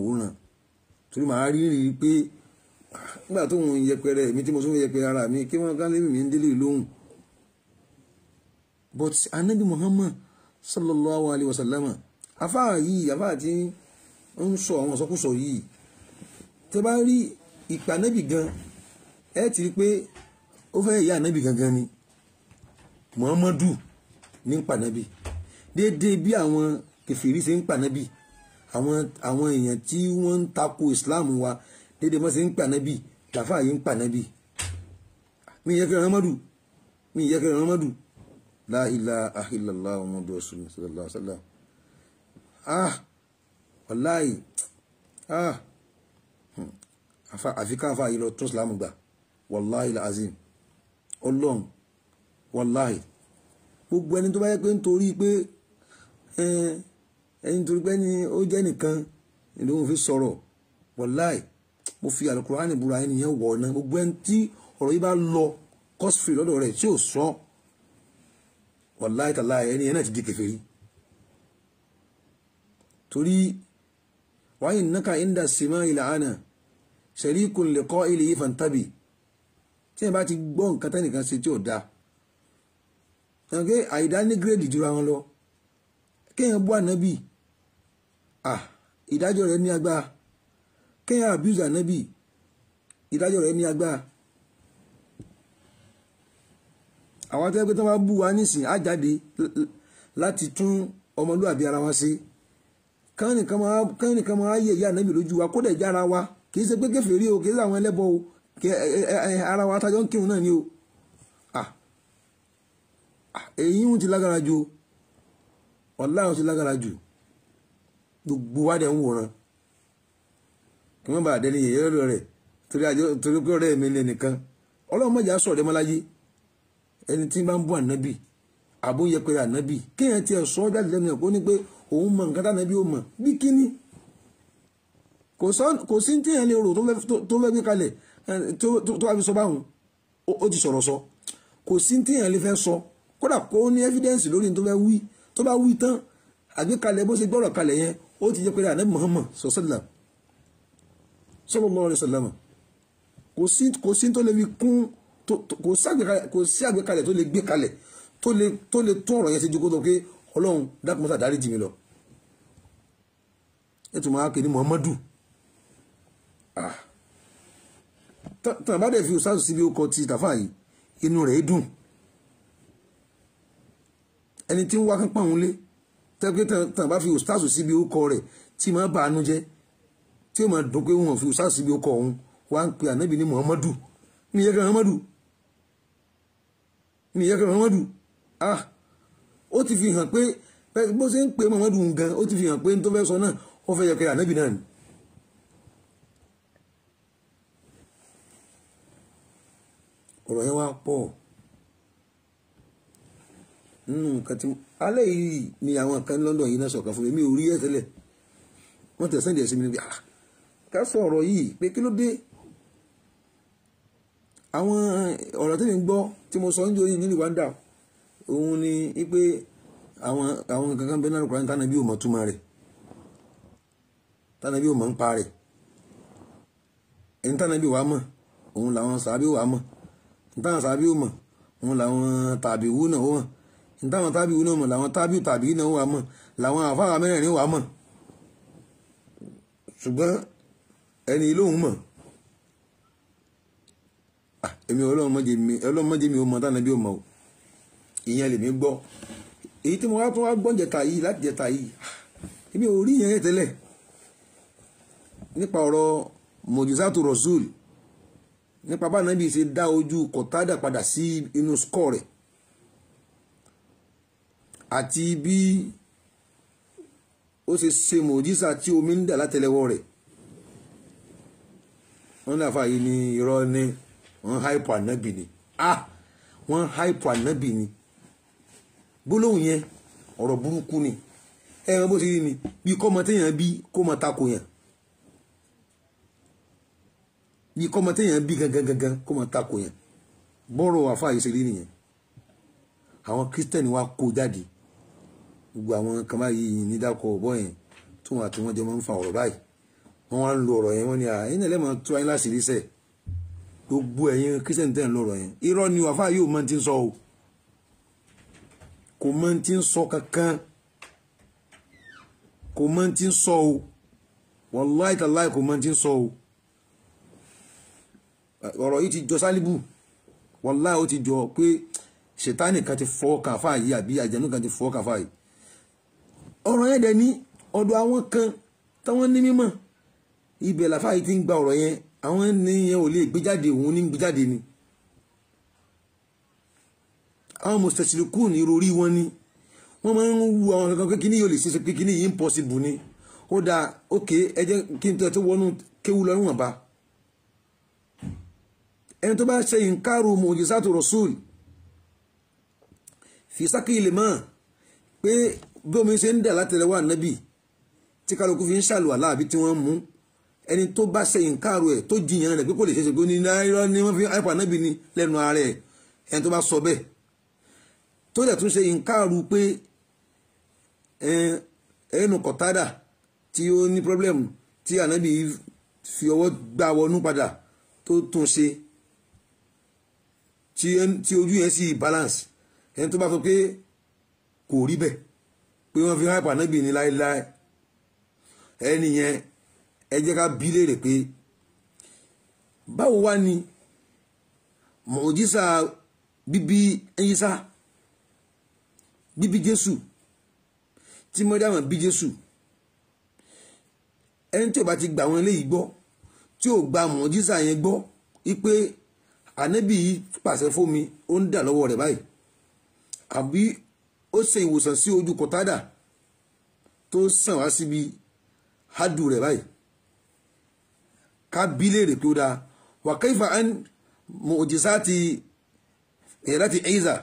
àwòrán torí màá rí rí i pé nígbà tó ń yẹpẹrẹ mi tí mo tún fẹ́ yẹpẹrẹ ara mi kí wọ́n kán lébi mi délé lóhùn but anabi muhammad sallallahu alayhi wa sallam afáà yìí afáà tí ń sọ àwọn sọkúsọ yìí tẹ bá rí ìpè anabi gan ẹ ti rí pé ó fẹ́ ìyá anabi gangan ni muhammadu ní ń pa anabi déédéé bí àwọn kẹfìrí ṣe ń pa àwọn àwọn èèyàn tí wọ́n ń tako islam wa dédé mọ́ sí ń pa nábì tàfà yìí ń pa nábì mi yẹ kí ọ̀rọ̀ mi yẹ kí ọ̀rọ̀ mọ́dù la ilaha illallah muhammadu rasulullah ah wàláì ah hmm. àfi káfà yìí lọ tó islam gbà wàláì lazim ọlọ́run wàláì gbogbo ẹni tó bá yẹ pé nítorí pé ẹ̀ẹ́ eh, ẹni torí pé ni ó jẹ́ nìkan ìlú òun fi sọ̀rọ̀ wọláì mo fi alukurani búra ẹni yẹn wọ̀ ọ̀nà gbogbo ẹni tí ọ̀rọ̀ yìí bá lọ kọ́sìfì lọ́dọ̀ rẹ̀ tí ò sọ wọláì tàlá ẹni yẹn náà ti di kèfèrí torí wáyé nàkà ìndà sèmá ilà ànà ṣẹ̀ríkùn lè kọ́ ilé yìí fàǹtàbì tí ẹ bá ti gbọ́ nǹkan tẹ́nìkan ṣe tí ò dáa ẹ̀rọ pé àìdá ní jura wọn lọ kéèyàn bú ànábì ah ìdájọ́ rẹ̀ ní agbára kéèyàn abuse ànábì ìdájọ́ rẹ̀ ní agbára àwọn akẹ́kọ̀ọ́ pé tí wọ́n bá bú wa nísìn á jáde láti tún ọmọlúwàbí ara wa ṣe káwọn nìkan máa yẹ ìyá ànábì lójú wa kó dẹ̀ já ara wa kì í ṣe pé kèfèrí o kì í ṣe àwọn ẹlẹ́bọ o ara wa tájọ́ ń kírun náà ni o èyí ń ti lágara ju ọ̀la ń ti lágara jù gbogbo wa dẹ̀ ń wòran kí wọ́n bá dẹni yẹ̀yẹ́ lọ́dọ̀ rẹ̀ torí pé ọ̀rẹ́ mi lè nìkan ọlọ́run mọ̀jà sọ̀rọ̀ dẹ́ mọ́láyé ẹni tí bá ń bú ànábì àbó yẹpẹrẹ ànábì kéèyàn tiẹ̀ sọ ọ́ jáde lẹ́nu ẹ̀ kó ní pé òun mọ nǹkan tánàbí ó mọ bí kíní kò sí tí èèyàn lè rò tó fẹ́ gbé kalẹ̀ tó wá fi sọ báwọn ó ti sọ̀rọ̀ sọ kò sí tí èèyàn lè fẹ́ sọ kódà kó ní ẹ́fídẹ́ǹsì lórí tó fẹ́ wí tó bá wí tán àgbékalẹ̀ bó ṣe gbọ́rọ̀ kalẹ̀ yẹn ó ti jẹ́ pé ànábì Muhammad sọ́sẹ́lá sallallahu alaihi wasallam kò sí kò sí tó lè fi kún kò sí àgbékalẹ̀ tó lè gbé kalẹ̀ tó lè tó lè tún ọ̀rọ̀ yẹn sí jókòó tó pé ọlọ́run dákúmọ́tà dáríjì mi lọ ètò máa kéde Muhammadu ah. tàn bá dẹ̀ fi ṣáàtù síbi ó ti tàfà yìí inú rẹ̀ dùn ẹni tí ń wá kápá òun lé tẹ́pẹ́ tàn bá fi ustaz síbi ó kọ rẹ̀ tí máa bá anú jẹ́ tí ó máa dùn pé wọn fi ustaz síbi ó kọ wá ń pe ànábì ní muhammadu mi yẹ muhammadu mi yẹ muhammadu ah ó ti fi hàn pé bó ṣe ń pe muhammadu gan ó ti fi hàn pé tó fẹ́ sọ náà ó fẹ́ yẹ kí ànábì náà ni. ọ̀rọ̀ yẹn wá pọ̀ nínú nǹkan tí alẹ́ yìí ni àwọn kan ní London yìí náà sọ̀kan fún mi mi ò rí ẹ̀ tẹ́lẹ̀ wọ́n tẹ̀ sẹ́ndì ẹ̀sìn mi níbi àlá ah, ká sọ ọ̀rọ̀ yìí pé kí ló dé àwọn ọ̀rọ̀ tí mi gbọ́ tí mo sọ ń jò yìí ní Rwanda òun ni wípé àwọn àwọn kankan bẹ́ẹ̀ náà kúrò tánà bí òmò túmọ̀ rẹ̀ tánà bí òmò ń pa rẹ̀ ẹni tánà bí wàá mọ̀ òun làwọn sàábí wàá mọ̀ tánà sàábí òmò òun làwọn tàbí wú náà wọ́n nítawọn tábìlì náà mọ̀ làwọn tábìlì tàbí náà wà mọ̀ làwọn àfáà mẹ́rẹ̀ẹ̀rin wà mọ̀ ṣùgbọ́n ẹni lóhùn mọ̀ èmi ọlọ́run mọ́jẹ mi ọlọ́run mọ́jẹ mi ò mọ̀ tánà bí ò mọ̀ o ìyẹn lèmi gbọ́ èyí tí mo wá tún wá gbọ́ jẹta yìí láti jẹta yìí èmi ò rí ìyẹn tẹ́lẹ̀ nípa ọ̀rọ̀ mọ̀jùsátù rọ̀ṣúl nípa bá nàbì ṣe dá ojú kọ̀tádà padà sí inú skọ́ rẹ̀ àti bí ó ṣe ṣe mòjísà tí omi ń dà látẹ́lẹwọ́ rẹ̀ wọ́n ní àfààyè ní irọ́ ní wọ́n háìpọ̀ ànábì ni ah wọ́n háìpọ̀ ànábì ni gbólóhùn yẹn ọ̀rọ̀ burúkú ni ẹ ẹ bó ṣe rí ni bí kọ́mọ téèyàn bí kó mọ tako yàn bí kọ́mọ téèyàn bí gangan gangan kó mọ tako yàn bọ́rọ̀ àfààyè ṣe rí nìyẹn àwọn kírísítẹ́nì wa kó jáde gbogbo àwọn kan báyìí ní dákọ̀ ọ̀bọ̀ yẹn tó wọn àti wọn jọ máa ń fa ọ̀rọ̀ báyìí wọn wá ń lo ọ̀rọ̀ yẹn wọn ni à ẹ̀yin ẹlẹ́mọ̀ tó ayé láti rí sẹ̀ gbogbo ẹ̀yin kírísítẹ̀nì tẹ̀ ń lọ̀rọ̀ yẹn irọ́ ni wàá fáyọ̀ máa ti ń sọ o kò máa ti ń sọ kankan kò máa ti ń sọ o wàláì tàláì kò máa ti ń sọ o ọ̀rọ̀ yìí ti jọ sálíbù wàláì ó ti jọ pé ṣètánì kan ti fọ́ kàfáà yìí àbí àjẹnú kan ti fọ́ kàfáà yìí ọ̀rọ̀ yẹn dẹ̀ ní ọ̀dọ̀ àwọn kan táwọn ní mímọ̀ ibẹ̀ làfáà yìí ti ń gba ọ̀rọ̀ yẹn àwọn ènìyàn ò lè gbé jáde òun ní gbé jáde ni àwọn mọ̀sítẹ̀sílùkù ní rorí wọn ni wọ́n máa ń wu àwọn kankan pé kíní yóò lè ṣe pé kíní yìí impossible ni ó dáa ókè ẹ jẹ́ kí n tó wọnú kéwu lọ níwọ̀nba ẹni tó bá ṣe ìǹkàrò mọ̀jísàtò rọ̀ṣùl fi sákìlì mọ́ pé bí omi ṣe ń dà látẹlẹwọ́ ànábì tí kálukú fi ń ṣàlùwàlá àbí tí wọ́n mú ẹni tó bá sẹ́yìn káàró ẹ̀ tó jiyàn rẹ̀ pé kò lè ṣe é ṣe pé ó ní náírà ni wọ́n fi àìpà ànábì ni lẹ́nu ara ẹ̀ ẹni tó bá sọ bẹ́ẹ̀ tó dẹ̀ tún ṣe ìǹkaàrú pé ẹnu kọ̀tádà tí ó ní pírọ́blẹ̀mù tí ànábì fi ọwọ́ gbá wọnú padà tó tún ṣe tí ojú yẹn sì balance ẹni tó bá sọ pé kò rí bẹ́ẹ̀ pé wọ́n fi hype ànábì ní láéláé ẹni yẹn ẹ jẹ́ ká bí léèrè pé báwo wá ni mọ̀jísà bíbí ẹyísà bíbí jésù tí mọ́dàmù bí jésù ẹni tí ò bá ti gbà wọn eléyìí gbọ́ tí ò gba mọ̀jísà yẹn gbọ́ wípé ànábì yìí pàṣẹ fún mi ó ń dà lọ́wọ́ rẹ̀ báyìí àbí ó ṣe ìwòsàn sí ojú kọ̀tádà tó sàn wá síbi hádùú rẹ̀ báyìí ká bí léèrè pé ó dáa wà kaifa an mu'jizati ìyàláti ẹ̀yìzà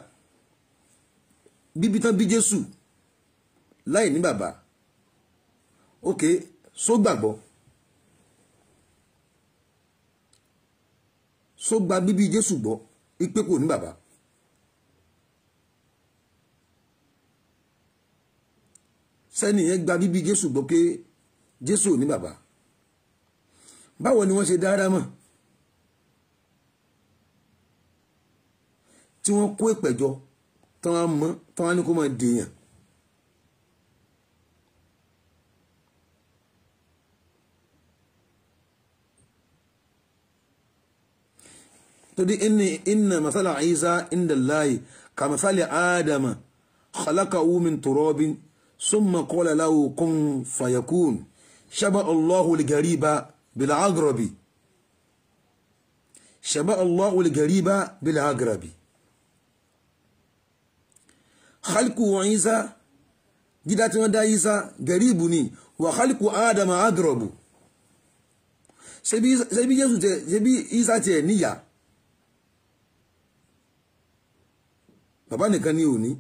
bíbí tán bí Jésù láì ní bàbá ok só gbàgbọ́ só gba bíbí Jésù gbọ́ ipe kò ní bàbá sẹ́ni yẹn gba bíbí jésù gbọ́ pé jésù ò ní bàbá báwo ni wọ́n ṣe dára mọ̀ tí wọ́n kó ìpẹ̀jọ tán á mọ́ tán á ní kó máa dèèyàn torí inna masala isa inda layi ka adama khalaka min turobin summa qala lahu kun fayakun shaba Allahu al-gariba bil-aghrabi shaba Allahu al-gariba bil-aghrabi khalqu Isa dídá tí wọ́n dá Isa garibu ni wa khalqu Adama aghrabu ṣebí Jésù tẹ ṣebí Isa tẹ níyà bàbá nìkan ni òní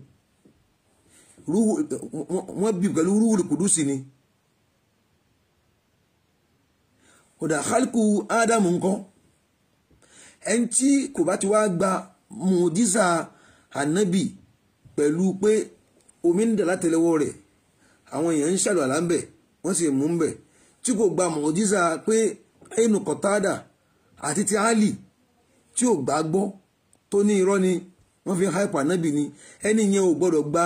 wọ́n bí pẹ̀lú rúhùl kùdùsì ni kódà kálíkù ádámù nǹkan ẹni tí kò bá ti wá gba mùjísà ànábì pẹ̀lú pé omi ń dà látẹlẹwọ́ rẹ̀ àwọn èèyàn ń ṣàlù àlámbẹ̀ wọ́n sì mú ń bẹ̀ tí kò gba mùjísà pé ẹnu kọ̀tádà àti ti áàlì tí ò gbà gbọ́ tó ní irọ́ ni wọ́n fi ń háìpà ànábì ni ẹni yẹn ò gbọ́dọ̀ gba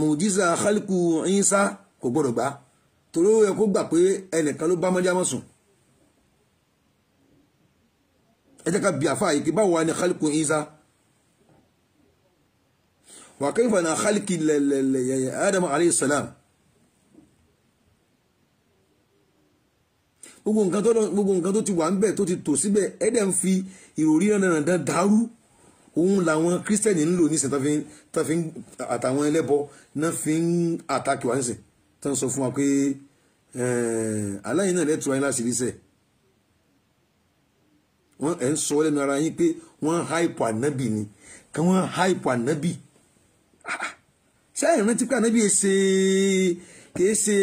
mùjísà kálíkù ìyínsá kò gbọdọ̀ gbà torí ó yẹ kó gbà pé ẹnìkan ló bá mọ́jámọ́ sùn ẹ jẹ́ ká bí àfa yìí kí báwo wá ní kálíkù ìyínsá wà kayfa náà kálíkì lẹ̀lẹ̀lẹ̀ ádámù alayhi salam gbogbo nǹkan tó ti wà ń bẹ̀ tó ti tò síbẹ̀ ẹ̀dẹ̀ ń fi ìròrí náà dàrú òun làwọn kírísítẹ́nì ń lò nísìn tán fi ń àtàwọn ẹlẹ́bọ náà fi ń àtàkì wá nísìn tán sọ fún wa pé aláìní náà lẹ́tùrọ̀ ayé láti ríṣẹ̀ wọ́n ẹ̀ ń sọ lẹ́nu ara yín pé wọ́n háìpù ànábì ni kí wọ́n háìpù ànábì ah, ṣé ìrántí pé ànábì ẹ̀ ṣe kìí ṣe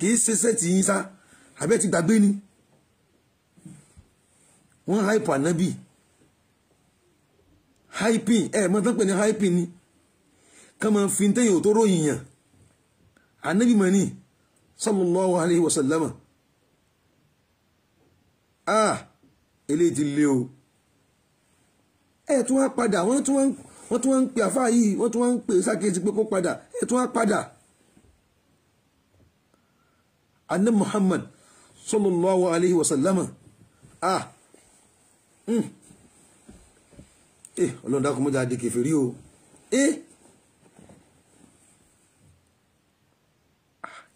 kìí sẹ́ẹ̀tì yín sá àbẹ́ gbàgbé ni wọ́n háìpù ànábì hyping ẹ mọ tán pè ní hyping ni kàn máa fi tẹ́yìn ò tó ròyìn yàn ànábì mọ̀ ní sallallahu alayhi wa sallam ah eléyìí ti lé o ẹ tún wá padà wọ́n tún wọ́n tún wá ń pè àfáà yìí wọ́n tún wá ń pè sákèjì pé kó padà ẹ tún wá padà annabi Muhammad sallallahu alayhi wa sallam ah. Mm eh ọlọ́run dákun mọ́jà di kèfèrí o eh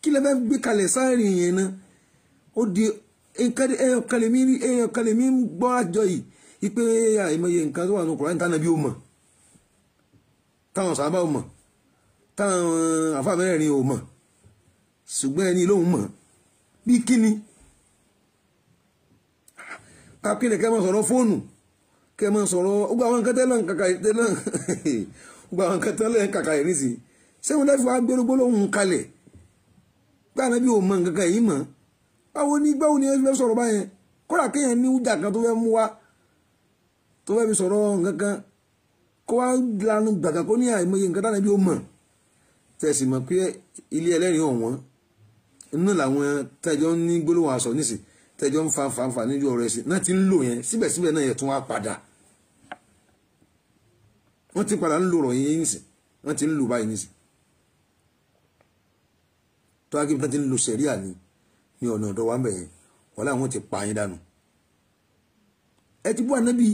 kí lẹ fẹ́ gbé kalẹ̀ sáàrin yẹn náà ó di ẹyàn kalẹ̀ mi ẹyàn kalẹ̀ mi ń gbọ́ àjọ yìí ipe àìmọye nǹkan tó wà nù kùránì tánà bí ó mọ̀ táwọn sábà ó mọ̀ táwọn àfa mẹ́rẹ̀ẹ̀rin ò mọ̀ ṣùgbọ́n ẹni lóun mọ̀ bí kíni kakílẹ̀ mọ̀ sọ̀rọ̀ fóònù kẹ́ ẹ máa sọ̀rọ̀ ó gba àwọn nǹkan tẹ́lẹ̀ kàkà tẹ́lẹ̀ ó gba àwọn nǹkan tẹ́lẹ̀ kàkà yìí nísì sẹ́wọ́n láti wá gbérógbó lóhùn kalẹ̀ gbáàná bí òun mọ nǹkan kan yìí mọ̀ báwo ni báwo ni ẹ fẹ́ sọ̀rọ̀ báyẹn kódà kéèyàn ní ìjà kan tó fẹ́ mú wá tó fẹ́ fi sọ̀rọ̀ nǹkan kan kó wá lanu gbàgà kó ní àìmọye nǹkan tánà bí ó mọ̀ tẹ̀sí mọ̀ pé ilé ẹlẹ́rìí ọ̀wọ́n inú làwọn tẹ́jọ́ ní gbólóhùn aṣọ nísì tẹ́jọ́ ń fa fanfa níjú ọ̀rọ̀ ẹ̀sìn náà ti ń lò yẹn síbẹ̀síbẹ̀ náà yẹ tún wá padà wọ́n ti padà ń lo ọ̀rọ̀ yìí nísìn wọ́n ti ń lò báyìí nísìn tó wá kí wọ́n ti ń lo sẹ̀ríà ni ní ọ̀nà ọ̀dọ̀ wa ń bẹ̀ yẹn wọ́n láwọn ti pa yín dànù ẹ ti bú ànábì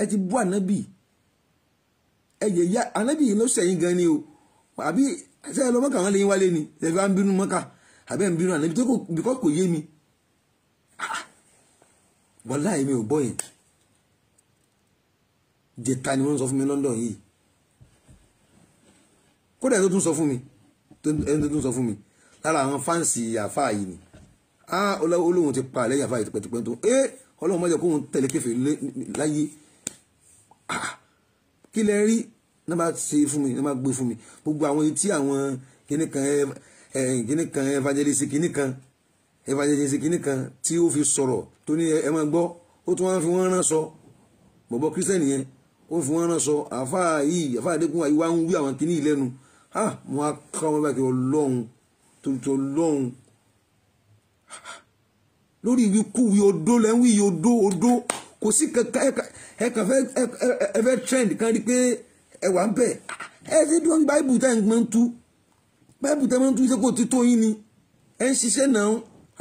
ẹ ti bú ànábì ẹ yẹ ya ànábì yìí ló sẹ̀yìn gan ni o àbí ṣe ẹ lọ mọ́kà wọn lè yín wálé ni ẹ fi bínú mọ́kà àbí ẹ ń bínú ànábì tó kò kò yé mi ah, ah. wàláhì mi ò bọ́ yẹn jẹta ni wọ́n sọ fún mi London yìí kódà tó tún sọ fún mi ẹni tó tún sọ fún mi lára àwọn fáǹsì àfa yìí ni á olóhùn ti pa àlẹ́ àfa yìí tipẹ́tipẹ́ tó ẹ ọlọ́run mọ́jọ kóhun tẹ̀lé kẹfẹ́ láyé kí lẹ rí náà bá ṣe fún mi náà bá gbé fún mi gbogbo àwọn etí àwọn kìnnìkan ẹ kìnnìkan evangelist kìnnìkan evangelist kìnnìkan tí ó fi sọ̀rọ̀ tó ní ẹ máa gbọ́ ó tún wá fi wọ́n rán sọ bọ̀bọ̀ kírísítẹ́nì yẹn ó fi wọn rán sọ àfa yìí àfa àdékùn àyíwá ń wí àwọn kìíní ìlẹ́nu ha mo á ká wọn bá kí ọlọ́run tòótọ́ ọlọ́run lórí ìwí kúwì odó lẹ́wìn yìí odó odó kò sí kankan ẹ̀ka ẹ̀fẹ́ trend kan rí pé ẹ̀wà ń bẹ̀ ẹ̀ ṣe tí wọ́n ń báìbù tá à ń gbọ́n tú báìbù tá à ń tú ṣe kò títọ́ yín ni ẹ̀ ń ṣiṣẹ́ náà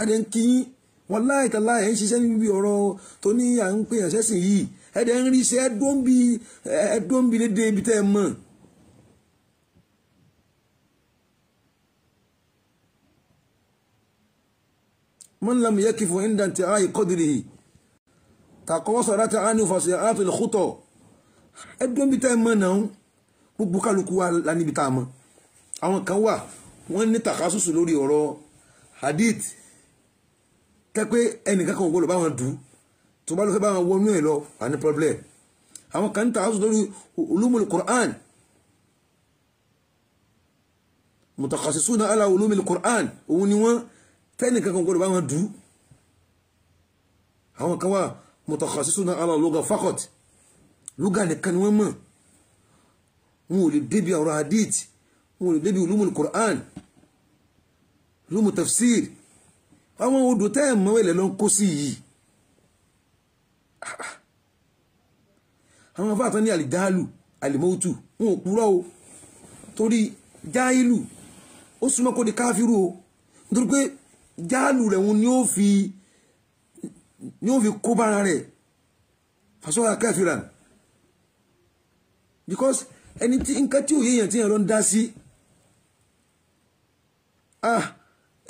adé ń kí yín wọ́n láìka láì ẹ̀ ń ṣiṣẹ́ níbi ọ̀rọ̀ tó ní à ń pè àṣẹ́sìn yìí ẹ̀dẹ̀ ń rí iṣẹ́ ẹ̀dọ́nbi ẹ̀dọ́nbi dédé ibi tẹ́ ẹ mọ̀. من لم يكف عند انتهاء قدره تقاصرت عنه فصيحات الخطى ẹ̀dọ́n bí tá ẹ mọ̀ náà gbogbo kálukú wa la níbi tá a àwọn kan wà wọ́n ní tàkásùsù lórí ọ̀rọ̀ hadith kẹ́pẹ́ ẹnìkan kan ò gbọ́dọ̀ bá dùn tó bá lọ fẹ́ bá wọn wọnú ẹ̀ lọ àní problem àwọn kan ta àwọn lórí ulumul Qur'an mutakhasisuna ala ulumul Qur'an òun ni wọ́n tẹ́nì kankan gbọ́dọ̀ bá wọn dù ú àwọn kan wà mutakhasisuna ala lugha faqat lugha nìkan ni wọ́n mọ̀ wọn ò lè débi ọ̀rọ̀ hadith wọn ò lè débi ulumul Qur'an ulumu tafsir àwọn odò tẹ́ ẹ̀ mọ́wẹ́lẹ̀ ló ń kó sí yìí àwọn afá àtàn ní àlìgáàlù àlìmọ́tù wọn ò purọ́ o torí jáìlù ó súnmọ́ kó di káfíru o nítorí pé jáàlù rẹ̀ wọn ni ó fi ni ó fi kó bára rẹ̀ fàṣọ́ra káfíra because ẹni tí nǹkan tí òye yẹn ti yẹn lọ ń dá sí ah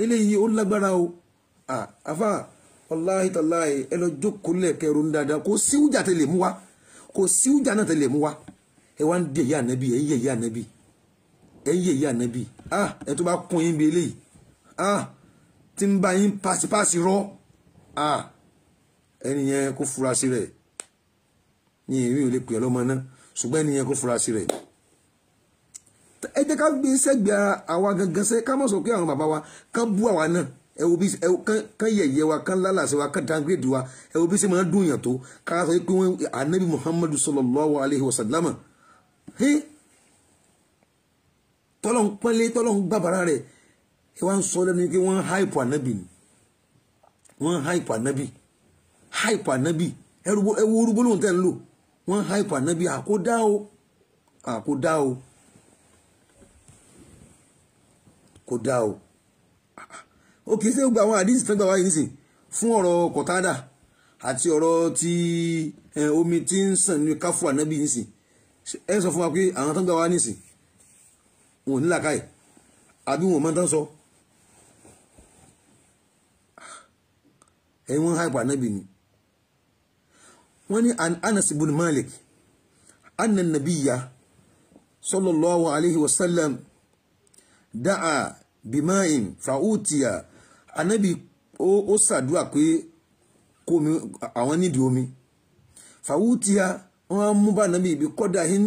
eléyìí ó lágbára o ah afá wàláhì tàláhì ẹ lọ jókòó lẹ́ẹ̀kẹ́rù ń dáadáa kò sí ìjà tẹ lè mú wa kò sí ìjà náà tẹ lè mú wa ẹ wá ń di èyí ànábì ẹ ń yẹ èyí ànábì ẹ ń yẹ èyí ànábì ah ẹ tó bá kún yín bí eléyìí ah tí ń bá yín pàṣípàṣí rọ ah ẹni yẹn kó fura sí rẹ̀ ní èmi ò lè pè ọ́ lọ́mọ náà ṣùgbọ́n ẹni yẹn kó fura sí rẹ̀ ẹ jẹ́ ká gbé sẹ́gbẹ̀ẹ́ àwa gangan sẹ́ ká mọ̀ sọ pé àwọn bàbá wa ká bú àwa náà ẹ wo bí ẹ kán yẹ̀yẹ́ wa kán lálàsẹ̀ wa kán dangrèdè wa ẹ wo bí sẹ́ máa ń dùn yàn tó kára sọ pé wọ́n anabi muhammadu sallallahu alayhi wa sallam hí tọ́lọ̀ ń pẹ́lẹ́ tọ́lọ̀ ń gbàbàrà rẹ̀ ẹ wá ń sọ lẹ́nu pé wọ́n ń háìpù anabi ni wọ́n ń háìpù anabi háìpù anabi ẹ wo orúgbó lóhùn tẹ́ ń lò wọ́n ń anabi àkódá o àkódá ó kì í ṣe gbogbo àwọn àdísì tán gbà wáyé nísìn fún ọ̀rọ̀ kọ̀tádà àti ọ̀rọ̀ ti omi tí ń sàn ní káfù ànábì nísìn ẹ sọ fún wa pé àwọn tán gbà wá nísìn wọn ò ní làkàyè àbí wọn ò tán sọ ẹ̀yin wọn háìpọ̀ ànábì ni wọ́n ní Anas ibn Malik anna nabiyya sallallahu alayhi wa sallam da'a bima'in fa'utiya anabi o ó ṣàdúrà pé kó omi àwọn nídìí omi fàwùtíà wọn á mú bá anabi ibi kọ́dà hin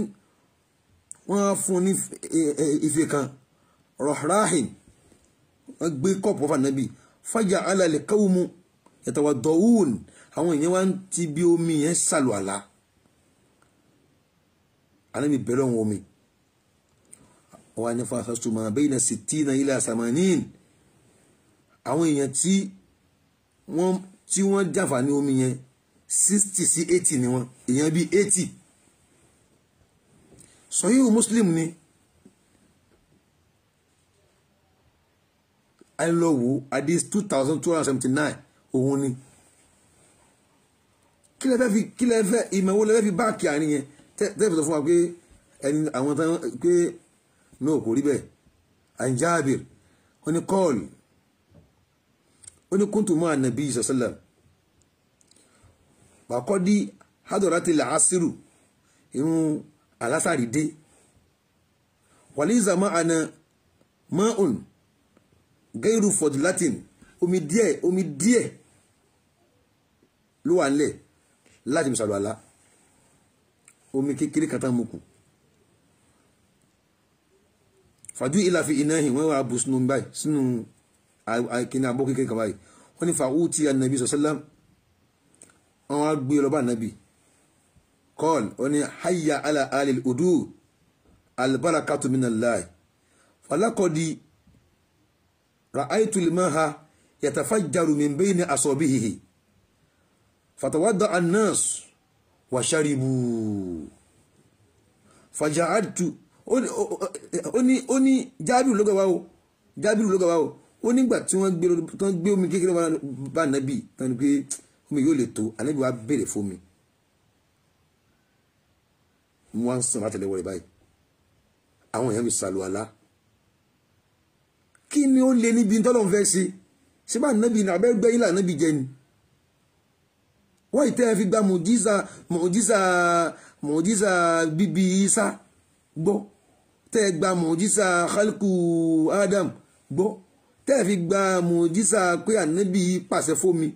wọn á fún un ní ife kan rọ̀hráhìn wọn gbé kọ́ọ̀pù fún anabi fàjà alàlẹ̀ káwùmù yàtọ̀wà dọ̀wùn àwọn èèyàn wá ń ti omi yẹn ṣàlù àlá anabi bẹ̀rẹ̀ wọn omi wọn á ní fún asasùnmọ̀ abẹ́yìn náà sì tí àwọn èèyàn tí wọ́n tí wọ́n jàǹfààní omi yẹn sixty sí eighty ni wọ́n èèyàn bíi eighty sọyíwò muslim ni àìlọ́wọ́ hadith two thousand two hundred seventy nine òun ni kí lẹ fẹ́ fi kí lẹ fẹ́ ìmọ̀ wo lẹ fẹ́ fi báàkì àárín yẹn tẹ́lẹ̀ sọ fún wa pé ẹni àwọn tán pé náà kò rí bẹ́ẹ̀ anjabir wọn ni kọ́ọ̀lù ó ní kúntù mọ́ ànàbí ìsọ̀sọ́lẹ̀ pàkọ́ dí hádọ̀rá ti làásìrù irun alásàrí dé wàlíìsà mọ́ àna mọ́ùn gẹ́rù fọ̀dù latin omi díẹ̀ omi díẹ̀ ló wà nílẹ̀ láti mùsàlù àlá omi kékeré kàtà mú kù fàdú ìlàfi iná hìn wọ́n wà bù sínú báyìí kíní abọ́ kékeré kan báyìí wọ́n ní fàwùtì ànàbí sọ̀sẹ́lá wọ́n á gbé e lọ́ba ànàbí kọ́ọ̀l wọ́n ní hayya ala alil udu albarakatu minallahi falakọ́di ra'aytu limaha yatafajjaru min bayni asabihi fatawadda annas wa sharibu fajaadtu ó ní ó ní jábìrù o jábìrù ló gbà o ó nígbà tí wọ́n gbé omi kékeré wọn bá nàbì tán ni pé omi yóò lè tó ànábì wa béèrè fún mi wọ́n á ń sàn látẹ̀lẹ́wọ̀ rẹ̀ báyìí àwọn èèyàn mi sàlù àlá kí ni ó lé níbi tọ́lọ́n fẹ́ ṣe ṣé bá nàbì ní abẹ́gbẹ́ yìí là nàbì jẹ ni wọ́n yìí tẹ́ ẹ fi gba mọ̀jísà mọ̀jísà mọ̀jísà bíbí isa gbọ́ tẹ́ ẹ gba mọ̀jísà kálíkù adam gbọ́ tẹ́ fi gba mùjísà pé ànábì pàṣẹ fómi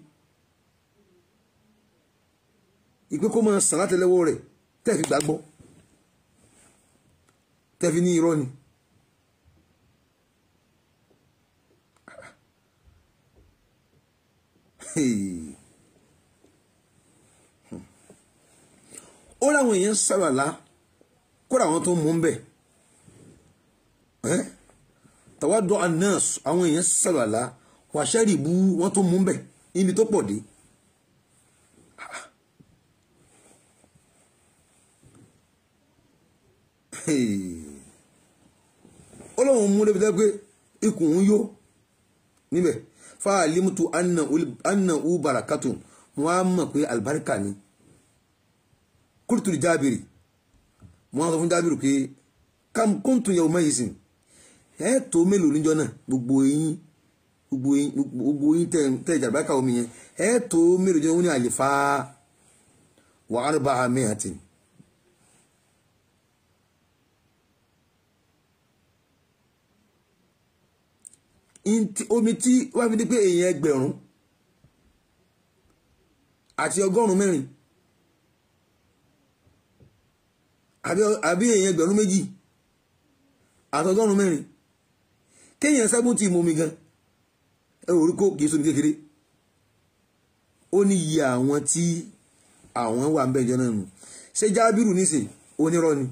ìpé kó máa sàn látẹ́lẹwọ́ rẹ̀ tẹ́ fi gbàgbọ́ tẹ́ fi ní irọ́ ni. ó láwọn èèyàn sàràlá kódà àwọn tó mú un bẹ̀ tàwádọ́ anas àwọn èèyàn sàlàlà wàṣẹ́rì bú wọ́n tó mú bẹ̀ ibi tó pọ̀ dé. ọlọ́run mú débi tẹ́ pé ikùn ń yó níbẹ̀ fáàlímùtù anna u barakatu wọ́n á mọ̀ pé alibarika ni kúrìtù jábìrì wọ́n á sọ fún jábìrì pé kam kúntù yawma sìn ẹ tó mélòó níjọ náà gbogbo yín gbogbo yín gbogbo yín tẹ ìjàmbá ká omi yẹn ẹ tó mélòó níjọ wọn ní omi tí wàá fi pé èèyàn ẹgbẹ̀rún àti ọgọ́rùn-ún mẹ́rin àbí èèyàn ẹgbẹ̀rún méjì àti ọgọ́rùn-ún mẹ́rin kéèyàn seventy mu mi gan ẹ ò sómi kékeré ó ní iye àwọn tí àwọn wà ń bẹ̀ jọ náà nù ṣé jábìrù níṣe onírọ́ ni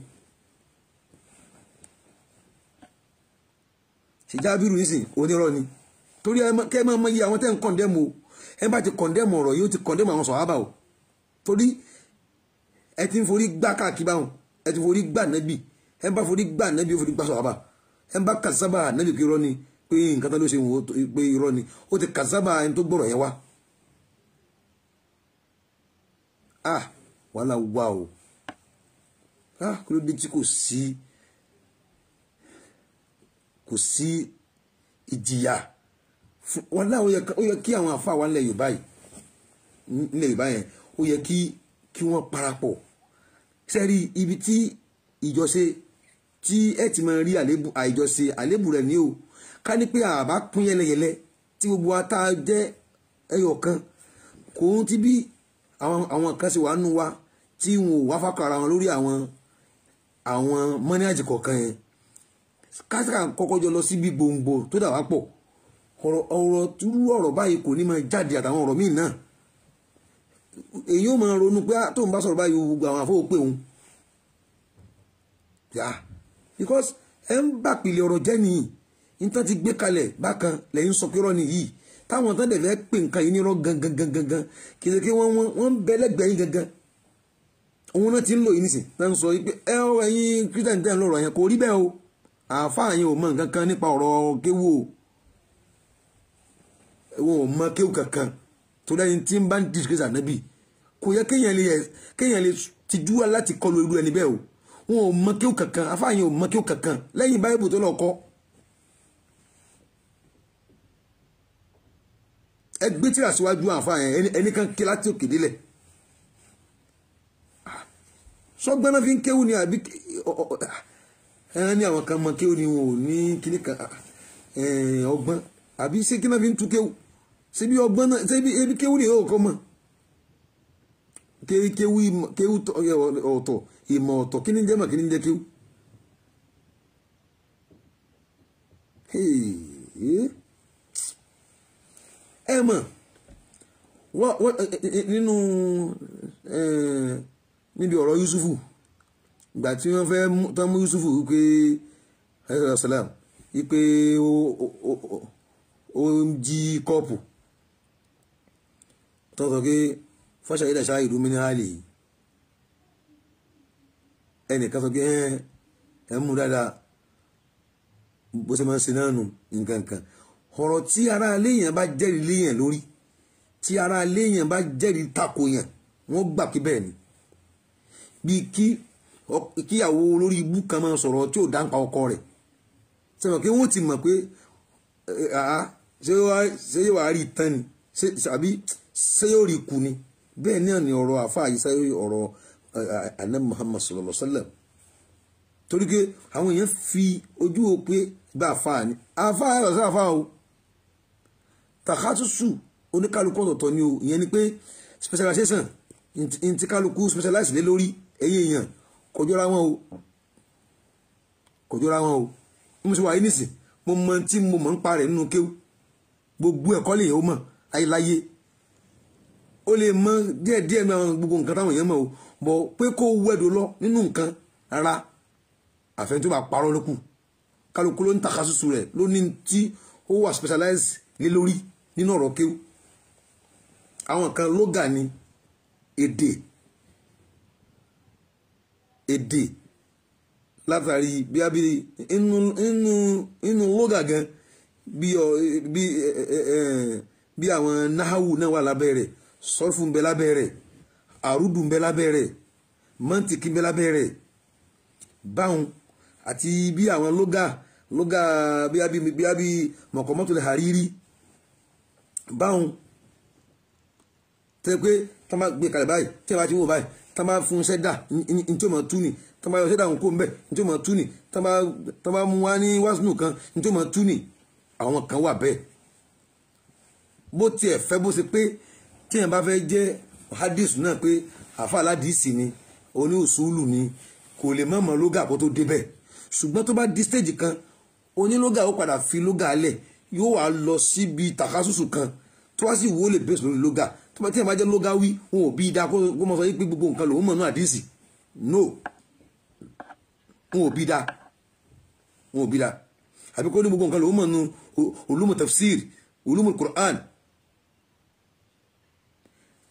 ṣé jábìrù níṣe onírọ́ ni torí kẹ́ máa mọ iye àwọn tẹ́ ń kọ̀ndẹ́mù o ẹ bá ti kọ̀ndẹ́mù ọ̀rọ̀ yìí ó ti kọ̀ndẹ́mù àwọn sọ̀hábà o torí ẹ ti ń forí gbá káàkiri báwọn ẹ ti forí gbà nẹ́bì ẹ bá forí gbà nẹ́bì ó forí gbà sọ̀hábà ẹ bá kàsábà ànábì pé irọ́ ni pé nǹkan tó ló ṣe wò ó pé irọ́ ni ó ti kàsábà ẹni tó gbọ́rọ̀ yẹn wá. a ah, wàhálà wà o a ah, kí ló dé tí kò sí kò sí ìjìyà wàhálà ó yẹ kí àwọn àfa wa ńlẹ̀ Yorùbá yìí ńlẹ̀ Yorùbá yẹn ó yẹ kí kí wọ́n parapọ̀ sẹ́rí ibi tí ìjọsẹ́ tí ẹ ti máa rí àlébù àìjọṣe àlébù rẹ̀ ní o ká ní pé àbá pín yẹlẹyẹlẹ tí gbogbo wa tá a jẹ́ ẹyọ kan kò ń ti bí àwọn kan ṣe wà nù wa tí wọn ò wá fákọ ara wọn lórí àwọn àwọn mọ́níàjì kọ̀ọ̀kan yẹn kásìkà kọ́kọ́ jọ lọ síbi gbòǹgbò tó dà wá pọ̀ ọ̀rọ̀ túrú ọ̀rọ̀ báyìí kò ní máa jáde àtàwọn ọ̀rọ̀ míì náà èyí ò máa ronú pé ah, tóun bá sọ̀rọ̀ báyìí gbogbo àwọn àfọwọ́ òun because ẹ ń gbàpìlẹ̀ ọ̀rọ̀ jẹ́ nìyí nítorí ti gbé kalẹ̀ bákan lẹ́yìn sọ pé rọ́ nìyí táwọn tán dẹ̀ fẹ́ pè nǹkan yìí nírọ́ gangan gangan gan kì í ṣe pé wọ́n ń bẹ lẹ́gbẹ̀ẹ́ yín gangan òun náà ti ń lò yìí nísìn náà ń sọ pé ẹ ọ ẹ̀yin Christian tẹ́ ń lọ̀rọ̀ yẹn kò rí bẹ́ẹ̀ o àáfàá yẹn ò mọ nǹkan kan nípa ọ̀rọ̀ kéwù o wọn ò mọ kéwù kankan tó lẹ́yìn tí ń bá ń disgrace ànábì kò yẹ kéèyàn lè tijú wa láti kọlu irú ẹni bẹ́ẹ̀ o wọn ò mọ kíw kankan afáàyàn ò mọ kíw kankan lẹ́yìn báyìbù tó lọ kọ́ ẹ gbé tíra síwájú àfáàyàn ẹni kí láti òkè délẹ̀ sọgbọ́n fi ń kéwù ni àbí ẹran ní àwọn kan mọ kéwù ni wọn ò ní kíní kan ọgbọ́n àbí ṣé kí fi ń tú kéwù ṣé bí ọgbọ́n náà ṣé bí kéwù ni yóò kọ́ mọ̀ kéwù ọ̀tọ̀ ìmọ̀ ọ̀tọ̀ kí ni jẹ́ mọ̀ kí ni jẹ́ kí. Eh? ẹ mọ̀ nínú níbi ọ̀rọ̀ Yusufu ìgbà tí wọ́n fẹ́ tán mú Yusufu wípé salam wípé ó ń jí kọ́ọ̀pù tó sọ pé fọ́ṣà yìí dàṣà ìlú mi yìí ẹnìkan sọ pé ẹ ẹ mú dáadáa bó ṣe máa ń ṣe náà nù nǹkan kan ọ̀rọ̀ tí ara aléèyàn bá jẹ́rìí léèyàn lórí tí ara aléèyàn bá jẹ́rìí tako yàn wọ́n gbà kí bẹ́ẹ̀ ni bíi kí kíyàwó olórí ibú kan máa sọ̀rọ̀ tí ò dáńpa ọkọ rẹ̀ sẹ́wọ̀n kí wọ́n ti mọ̀ pé ṣé yóò wá rí tán ni àbí ṣé yóò rí kú ni bẹ́ẹ̀ náà ni ọ̀rọ̀ àfáà yìí ṣé ọ̀rọ̀ anabi muhammad sallallahu alaihi wa sallam torí pé àwọn èèyàn fi ojú o pé gba àfáà ni àfáà yàtọ̀ sí àfáà o takasusu oníkálukú ọ̀tọ̀ọ̀tọ̀ ni o ìyẹn ni pé specialization ntí kálukú specialize lé lórí ẹ̀yìn èèyàn kọjọ́ra wọn o kọjọ́ra wọn o mo ṣe wà yìí nísìn mo mọ tí mo mọ̀ ń pa rẹ̀ nínú kéwú gbogbo ẹ̀kọ́ lè yẹn o mọ̀ ayélujáyé o lè mọ díẹ̀díẹ̀ mọ gbogbo nǹkan táwọn èèyàn mọ̀ o bọ̀ pé kó wẹ̀dọ̀ lọ nínú nǹkan rárá àfẹn tó bá parọ́ lókù kálukú ló ń tàka ṣoṣo rẹ̀ ló ní tí ó wà specialize lé lórí nínú ọ̀rọ̀ kéwù àwọn kan lóga ni èdè èdè látàrí bí abí inú inú inú lóga gan bí ọ bí ẹ ẹ bí àwọn náhàwù náà wà lábẹ́ rẹ̀ sọ́ọ̀fù ń bẹ lábẹ́ rẹ̀ àrùdù ń bẹ lábẹ́ rẹ̀ mọ́ǹtìkì ń bẹ lábẹ́ rẹ̀ báwọn àti bí àwọn lógà lógà bí a bí mọ̀kànmọ́tò lè hariri báwọn tẹ́ pé tá máa gbé kalẹ̀ báyìí tí a bá ti wò báyìí tá máa fún sẹ́dà ní tí ó máa tú ni tá yọ sẹ́dà òun kó ń ní tí ó máa ni tá mú wá ní wásùnù kan ní tí ó máa ni àwọn kan wà bẹ́ẹ̀ bó tiẹ̀ fẹ́ bó ṣe pé tí èèyàn bá fẹ́ jẹ́ hadith náà pé àfa ni oní òṣùlù ni kò lè mọ̀mọ́ lóga kó tó débẹ̀ ṣùgbọ́n tó bá di stage kan onílóga ó padà fi lóga alẹ̀ yóò wá lọ síbi tàkásùsù kan tó wá sì wó lè bẹ́sẹ̀ lórí lóga tó bá tí bá jẹ́ lóga wí wọn ò bí i da kó mọ̀ sọ pé gbogbo nǹkan lòún mọ̀ ní àdìsí no wọn ò bí i da wọn ò bí i da àbí kó ní gbogbo nǹkan lòún mọ̀ ní olùmọ̀ tafsir olùmọ̀ Qur'an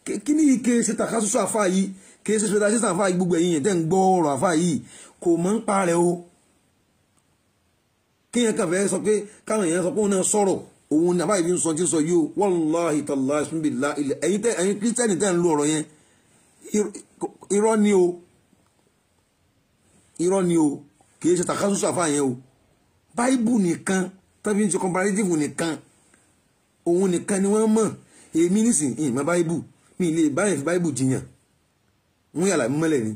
kí ni ike ṣe tàkásùsù àfa yìí kì í ṣe specialist àfa yìí gbogbo ẹ̀yìn yẹn tẹ́ ń gbọ́ ọ̀rọ̀ àfa yìí kò mọ̀ ń pa rẹ̀ o kéèyàn kàn fẹ́ sọ pé káwọn èèyàn sọ pé òun náà sọ̀rọ̀ òun ní àfa yìí fi ń sọ tí ń sọ yìí o wàláhì tàlá ìsúnbìlá ilẹ̀ ẹ̀yin tẹ́ ẹ̀yin kírísítẹ́nì tẹ́ ń lo ọ̀rọ̀ yẹn irọ́ ni o irọ́ ni o kì í ṣe tàkásùsù àfa yẹn o báíbù nìkan tàbí ń ṣe comparative nìkan òun nìkan ni wọ́n mọ̀ èmi nísìnyí ìmọ̀ báíbù mi lè báyìí fi báyìí bù jiyàn ń yàrá mọ́lẹ̀ ni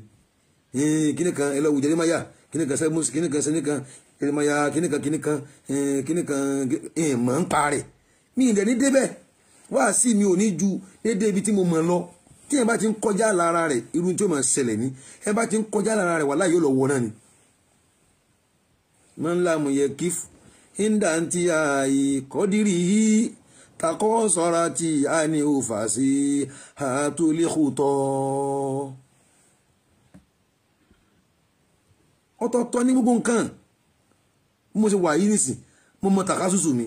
eh, kíní kan ẹ lọ wù jẹrìí máa yà kíní kan sẹ́mùsì kíní kan sẹ́ni kan jẹrìí máa yà kíní kan kíní kan eh, kíní kan mọ̀ ń parẹ̀ mi ìdẹ̀ ní débẹ̀ wá sí mi ò ní ju dédé ibi tí mo mọ̀ lọ tí ẹ bá ti ń kọjá lára rẹ̀ irú tí ó máa ṣẹlẹ̀ ní ẹ bá ti ń kọjá lára rẹ̀ wàhálà yóò lọ wọ náà ni. mọ́ńlá mo yẹ kí fún hinda ti àì kọ́dírì yìí kakọ́sọ́rati àní òfàṣì àtúlẹ̀kùtọ̀. ọ̀tọ̀ọ̀tọ̀ ní gbogbo nǹkan mo ṣe wà yìí nìsín mo mọ tàkásùsù mi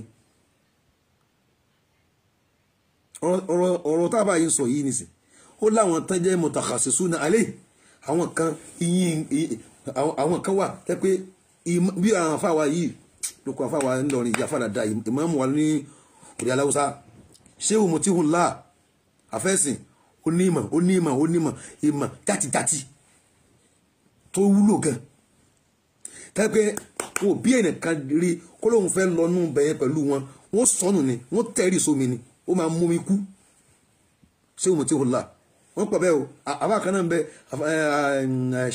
ọ̀rọ̀ tábà yìí sọ yìí nìsín ó láwọn tán jẹ́ mọ̀tàkàṣẹ́sù náà alẹ́ àwọn kan iyin àwọn kan wà tẹ́ pé bí àwọn afáwa yìí lóko afáwa ńlọrin ìyá fàdàdà ìmáàmù wa ní káàkiri aláwùsá ṣéwù mutihula àfẹ́sìn onímọ̀ onímọ̀ onímọ̀ ìmọ̀ játijàti tó wúlò gan tẹ́pẹ́ wọn ò bí ẹnìkan rí kó lóun fẹ́ lọ́nú bẹ̀yẹn pẹ̀lú wọn wọ́n sọnù ni wọ́n tẹ̀rí sómi ni ó máa mú mi kú ṣéwù mutihula wọ́n pọ̀ bẹ́ẹ̀ o àbá kan náà ń bẹ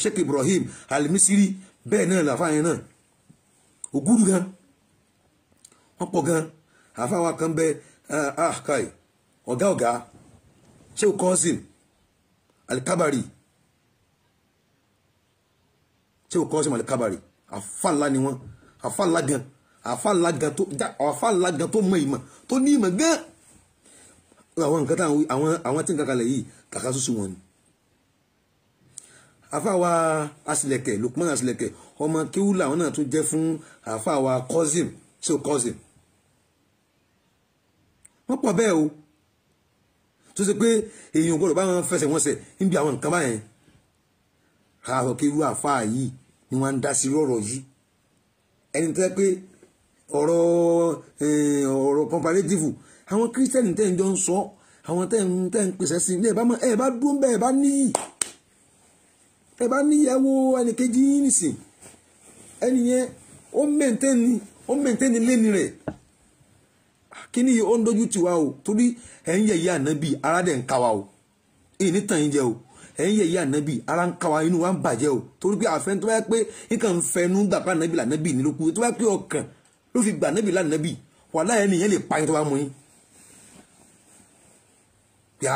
Sheikh Ibrahim Al-Misiri bẹ́ẹ̀ náà làfáàyàn náà ògúdù gan wọ́n pọ̀ gan-an àfáwà kan bẹ ahkai ọ̀gá ọ̀gá sheikh qasim alikabari sheikh qasim alikabari àfáànlá ni wọ́n àfáànlá gan àfáànlá gan tó àfáànlá gan tó mọ ìmọ̀ tó ní ìmọ̀ gan àwọn nǹkan tá àwọn àwọn tí nǹkan kalẹ̀ yìí kàkà ṣoṣo wọn ni àfáàwà asilẹ̀kẹ̀ lukman asilẹ̀kẹ̀ ọmọ kíwúlà àwọn náà tún jẹ́ fún àfáàwà qasim sheikh qasim wọ́n pọ̀ bẹ́ẹ̀ o tó ṣe pé èèyàn gbọ́dọ̀ bá wọn fẹsẹ̀ wọn sẹ̀ níbi àwọn nǹkan báyẹn àwọn kí irú àfáà yìí ni wọ́n ń dá sí rọ̀rọ̀ yìí ẹni tẹ́ pé ọ̀rọ̀ ọ̀rọ̀ comparative àwọn kírísítẹ́nì tẹ́ ń jọ ń sọ àwọn tẹ́ ń tẹ́ ń pèsè sí ilé ẹ̀bá ẹ̀ bá dún bẹ́ẹ̀ bá níyì ẹ̀ bá níyì ẹ̀ wo ẹnìkejì yìí nìsín ẹnìyẹn ó mẹ́ntẹ́ni ó mẹ́ntẹ́ni lẹ́ni rẹ̀ kíní ó ń dojú tiwa o torí ẹ̀ ń yẹ̀yẹ́ ànábì ara dẹ̀ ń kawa o èyí tàn yín jẹ o ẹ̀ ń yẹ̀yẹ́ ànábì ara ń kawa inú wa ń bàjẹ́ o torí pé àfẹn tó bá yẹ pé nǹkan fẹnu gbà pé ànábì lànábì ní lókù tó bá yẹ pé ọkàn ló fi gbà ànábì lànábì wàhálà ẹ̀ nìyẹn lè pa yín tó bá mú yín. yà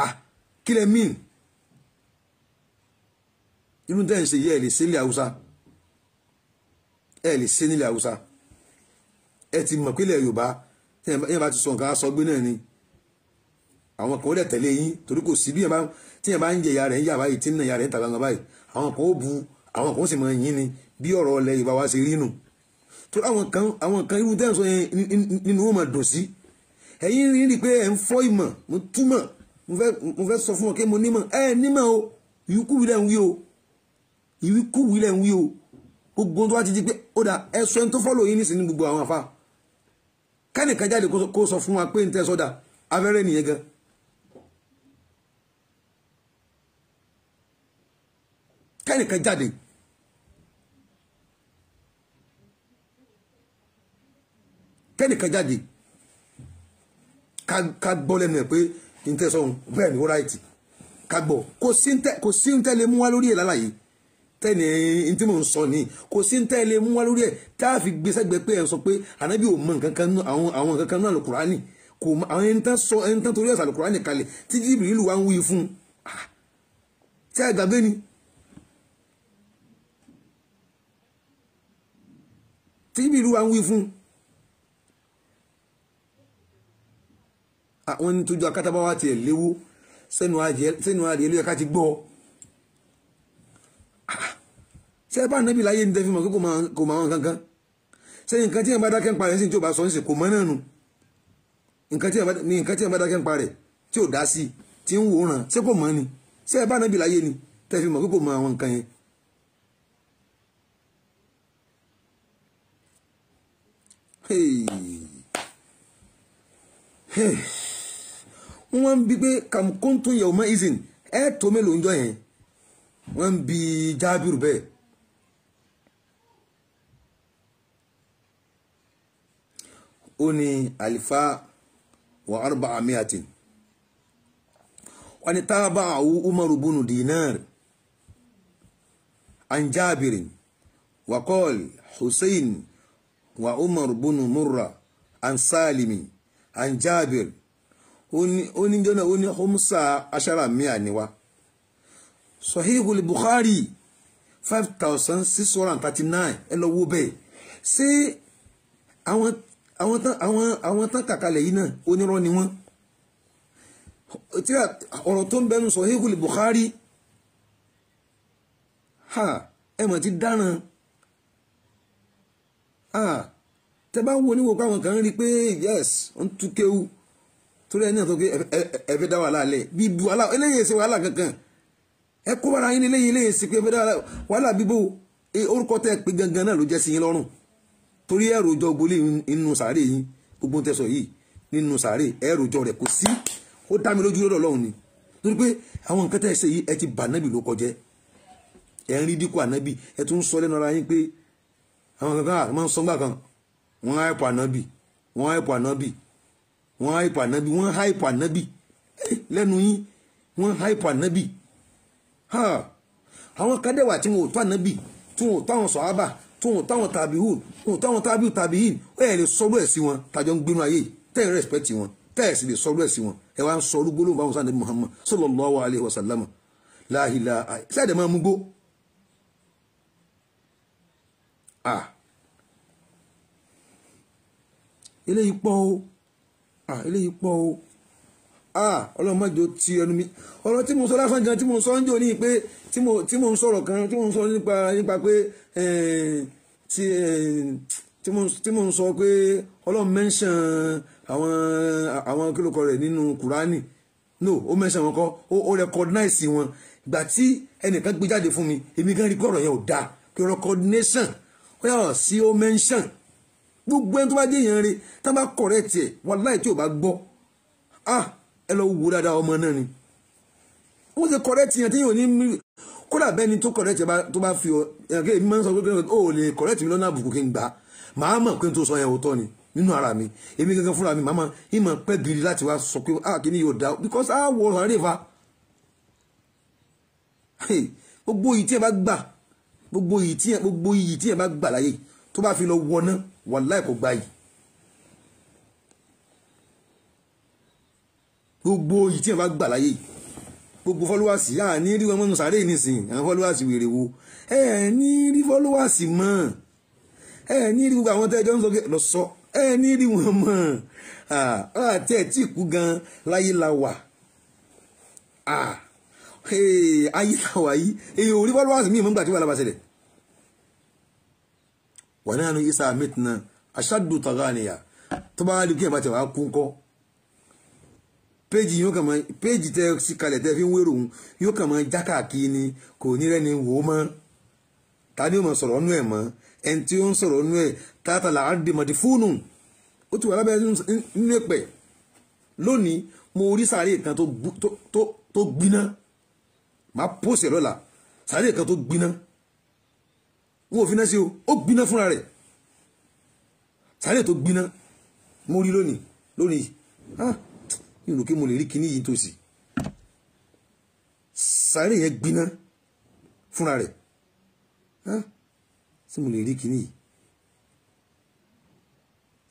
kí lẹ mí inú tẹ́ ń ṣe yẹ ẹ̀ lè ṣe nílẹ̀ haúsá ẹ̀ lè ṣe nílẹ̀ haúsá ẹ̀ ti mọ̀ pé ilẹ̀ yorùbá yẹn bá ti sọ nǹkan aṣọ gbé náà ni àwọn kan ó dẹ̀ tẹ̀lé yín torí kò sí bí yẹn bá tí yẹn bá ń jẹ ìyá rẹ̀ ń yà báyìí tí ń nà ìyá rẹ̀ ń ta gbangba báyìí àwọn kan ó bu àwọn kan ó sì mọ yín ni bí ọ̀rọ̀ ọlẹ̀ Yorùbá wa ṣe rí nù torí àwọn kan àwọn kan irú tẹ́ yẹn nínú ó máa dùn sí ẹ̀yin rí rí pé ẹ̀ ń fọ́ ìmọ̀ mo túmọ̀ mo fẹ́ sọ fún ọ pé mo nímọ̀ ẹ nímọ̀ o ìwíkúwí lẹ̀ ń wí o ìwíkúwí lẹ̀ ń wí o gbogbo tó bá ti di pé ó dà ẹ sọ ẹni tó fọ́lọ̀ yín nísìnyí gbogbo àwọn àfa kẹ́nìkan jáde kó sọ fún wa pé n tẹ́ sọ́dà abẹ́rẹ́ nìyẹn gan. kẹ́nìkan jáde. kẹ́nìkan jáde ká gbọ́ lẹ́nu ẹ̀ pé n tẹ́ sọ́hun bẹ́ẹ̀ ni ó ráìtì ká gbọ́ kò sí ń tẹ́ lè mú wá lórí ẹ̀ lálàyé tẹ́ni tí mò ń sọ ni kò sí tẹ́ ilé mú wá lórí ẹ̀ tá a fi gbé sẹ́gbẹ́ pé ẹ̀ sọ pé ànábì ò mọ nǹkan kan àwọn àwọn nǹkan kan náà Al-Kùránì kò mọ àwọn ẹni tán sọ ẹni tán torí ẹ̀sà Al-Kùránì kalẹ̀ tí Jibrilu wá ń wí fún un tí a gbàgbé ni. tí Jibrilu wá ń wí fún un. àwọn ẹni tó akátábáwá tiẹ̀ léwó sẹ́nu adìẹ lóye ká ti gbọ́ ọ ṣé ẹ bá nàbí láyé ní tẹ́fí mọ̀ kí kò máa wọn kankan ṣé nǹkan tí ẹ̀ dákẹ́ ń parẹ́ sí tí ò bá sọ ń sè kò mọ́ náà nù nǹkan tí ẹ̀ dákẹ́ ń parẹ́ tí ò dá sí tí ń wòran ṣé kò mọ́ ni ṣé ẹ bá nàbí láyé ni tẹ́fí mọ̀ kí kò máa wọn nǹkan yẹn. wọ́n ń bi pé kàmkóńtó yẹ̀ ọmọ ìsìn ẹ̀ tó mélòó ń jọ yẹn wọ́n ń bi jábìrù bẹ́ẹ̀. ó ní àlìfá wà arba amiatin wọ́n ní tábà àwú umaru bunu dinar an jabirin wa qol hussein wa umar bunu murra an salimi an jabir ó ní jọ́nà ó ashara miya ni wa sahihul bukhari five thousand six hundred thirty nine ẹ lọ wo bẹ́ẹ̀ ṣé àwọn àwọn tán àwọn àwọn tán kàkalẹ̀ yìí náà onírọ́ ni wọ́n tí ọ̀rọ̀ tó ń bẹnu sọ hegul Bukhari ha ẹ mọ̀ ti dáràn ha tẹ bá wo oníwò káwọn kan rí pé yes ó ń tú kéwu torí ẹni náà tó ké ẹfẹ dá wàhálà lẹ bí bu wàhálà eléyìí èsì wàhálà kankan ẹ kó bára yín eléyìí eléyìí èsì pé ẹfẹ dá wàhálà bíbó e, orúkọ tẹ pé gangan náà ló jẹ́ sí yín lọ́rùn torí ẹ̀rọjọ gbolé nínú sàárè yín gbogbo tẹsọ yìí nínú sàárè ẹ̀rọjọ rẹ̀ kò sí ó dá mi lójú lọ́dọ̀ Ọlọ́run ni torí pé àwọn nǹkan tẹ́ ẹ ṣe yìí ẹ ti bà nábì ló kọjẹ́ ẹ ń rí dínkù ànábì ẹ tún ń sọ lẹ́nu ara yín pé àwọn kankan máa ń sọ gbà kan wọ́n háìpù ànábì wọ́n háìpù ànábì wọ́n háìpù ànábì wọ́n háìpù ànábì lẹ́nu yín wọ́n háìpù ànábì àwọn kan tí wọn ò tó ànábì tí wọn ò tó àwọn sọ̀hábà tó wọn táwọn tàbíhùn wọn táwọn tàbíhùn tàbíhìn ẹ lè sọ̀rọ̀ ẹ̀ sí wọn tàjọ ń gbénu ayé tẹ́ ẹ̀ rẹ́spẹ̀tì wọn tẹ́ ẹ̀ sì lè sọ̀rọ̀ ẹ̀ sí wọn ẹ wá ń sọ orúgbó lóhùn báwọn sáà Muhammad sallallahu alaihi wasallam láhìlá sáàdẹ máa mú gbó. eléyìí pọ̀ o eléyìí pọ̀ o ọlọ́mọdé ti ẹnu mi ọ̀rọ̀ tí mo sọ lásán gan tí mo sọ ń jò ní pé tí mo ń sọ̀rọ̀ kan tí mo ń sọ nípa nípa pé ẹ̀ẹ́ tí tí mò ń sọ pé ọlọ́run mẹ́ńṣàn àwọn àwọn kílòkọ rẹ̀ nínú kùránì no ó mẹ́ńṣàn wọn kọ́ ó rẹkọdínáìsì wọn ìgbà tí ẹnìkan gbé jáde fún mi èmi gan rí pé ọ̀rọ̀ yẹn ò dáa pé rẹkọdínẹ́sàn ó yàrá sí ó mẹ́ńṣàn gbogbo ẹni tó bá dé yẹn rí tá bá kọ̀rẹ́ tiẹ̀ wàláì tí ò bá gbọ́ ah ẹ lọ wò dáadáa ọmọ náà ni wọ́n ṣe correct yẹn tí yóò ní kódà bẹ́ẹ̀ ni tó correct yẹn tó bá fi ẹ̀kẹ́ èmi máa ń sọ pé ó oh, lè correct mi lọ́nà àbùkù kí n gbà á màá mọ̀ pé n tó sọ yẹn òótọ́ ni nínú ara mi èmi gangan fúnra mi màmá ìmọ̀ pẹ́ bìrì láti wá sọ pé ah kí ni yóò dá because ah wọ ọ̀rọ̀ àríwá gbogbo iyì tí ẹ bá gbà gbogbo iyì tí ẹ gbogbo iyì tí ẹ bá gbà láyé tó bá fi lọ wọná wàláì kò gbà yìí gbogbo iyì tí ẹ bá gbà láyé yìí gbogbo followers à ní rí wọn mọ́nu sáré nísìnyí àwọn followers wèrè wo ẹ ní rí followers mọ́ ẹ ní rí gbogbo àwọn tẹ́jọ́ ń sọ lọ sọ ẹ ní rí wọn mọ́ àti ẹ̀ tí kú gan láyé la wà ayé la wà yìí èyàn ò rí followers mi ìmọ̀ngbà tí wàá lábàṣẹ̀lẹ̀ wà náà nu isa mitna aṣáàdù tàgánìyà tó bá rí kí ẹ̀ bá tẹ̀ wá kú ńkọ́ péjì yóò kàn máa péjì tẹ sí kalẹ̀ tẹ fi ń wérò òun yóò kàn máa já káàkiri ni kò ní rẹ́ni wò ó mọ́ ta ni ó máa sọ̀rọ̀ ọ́nú ẹ̀ mọ́ ẹni tí ó ń sọ̀rọ̀ ọ́nú ẹ̀ tààtà là á di mọ̀dí fóònù ó ti wà lábẹ́ nínú ẹ̀pẹ̀ lónìí mo rí sàárè kan tó gbiná máa pòsì ẹ̀ lọ́la sàárè kan tó gbiná wọn ò fi náà sí o ó gbiná fúnra rẹ̀ sàárè tó gbiná mo rí lónìí lónìí ah! ìrò kí mo lè rí kíní yìí tòsí sáré yẹn gbiná fúnra rẹ̀ sí mo lè rí kíní yìí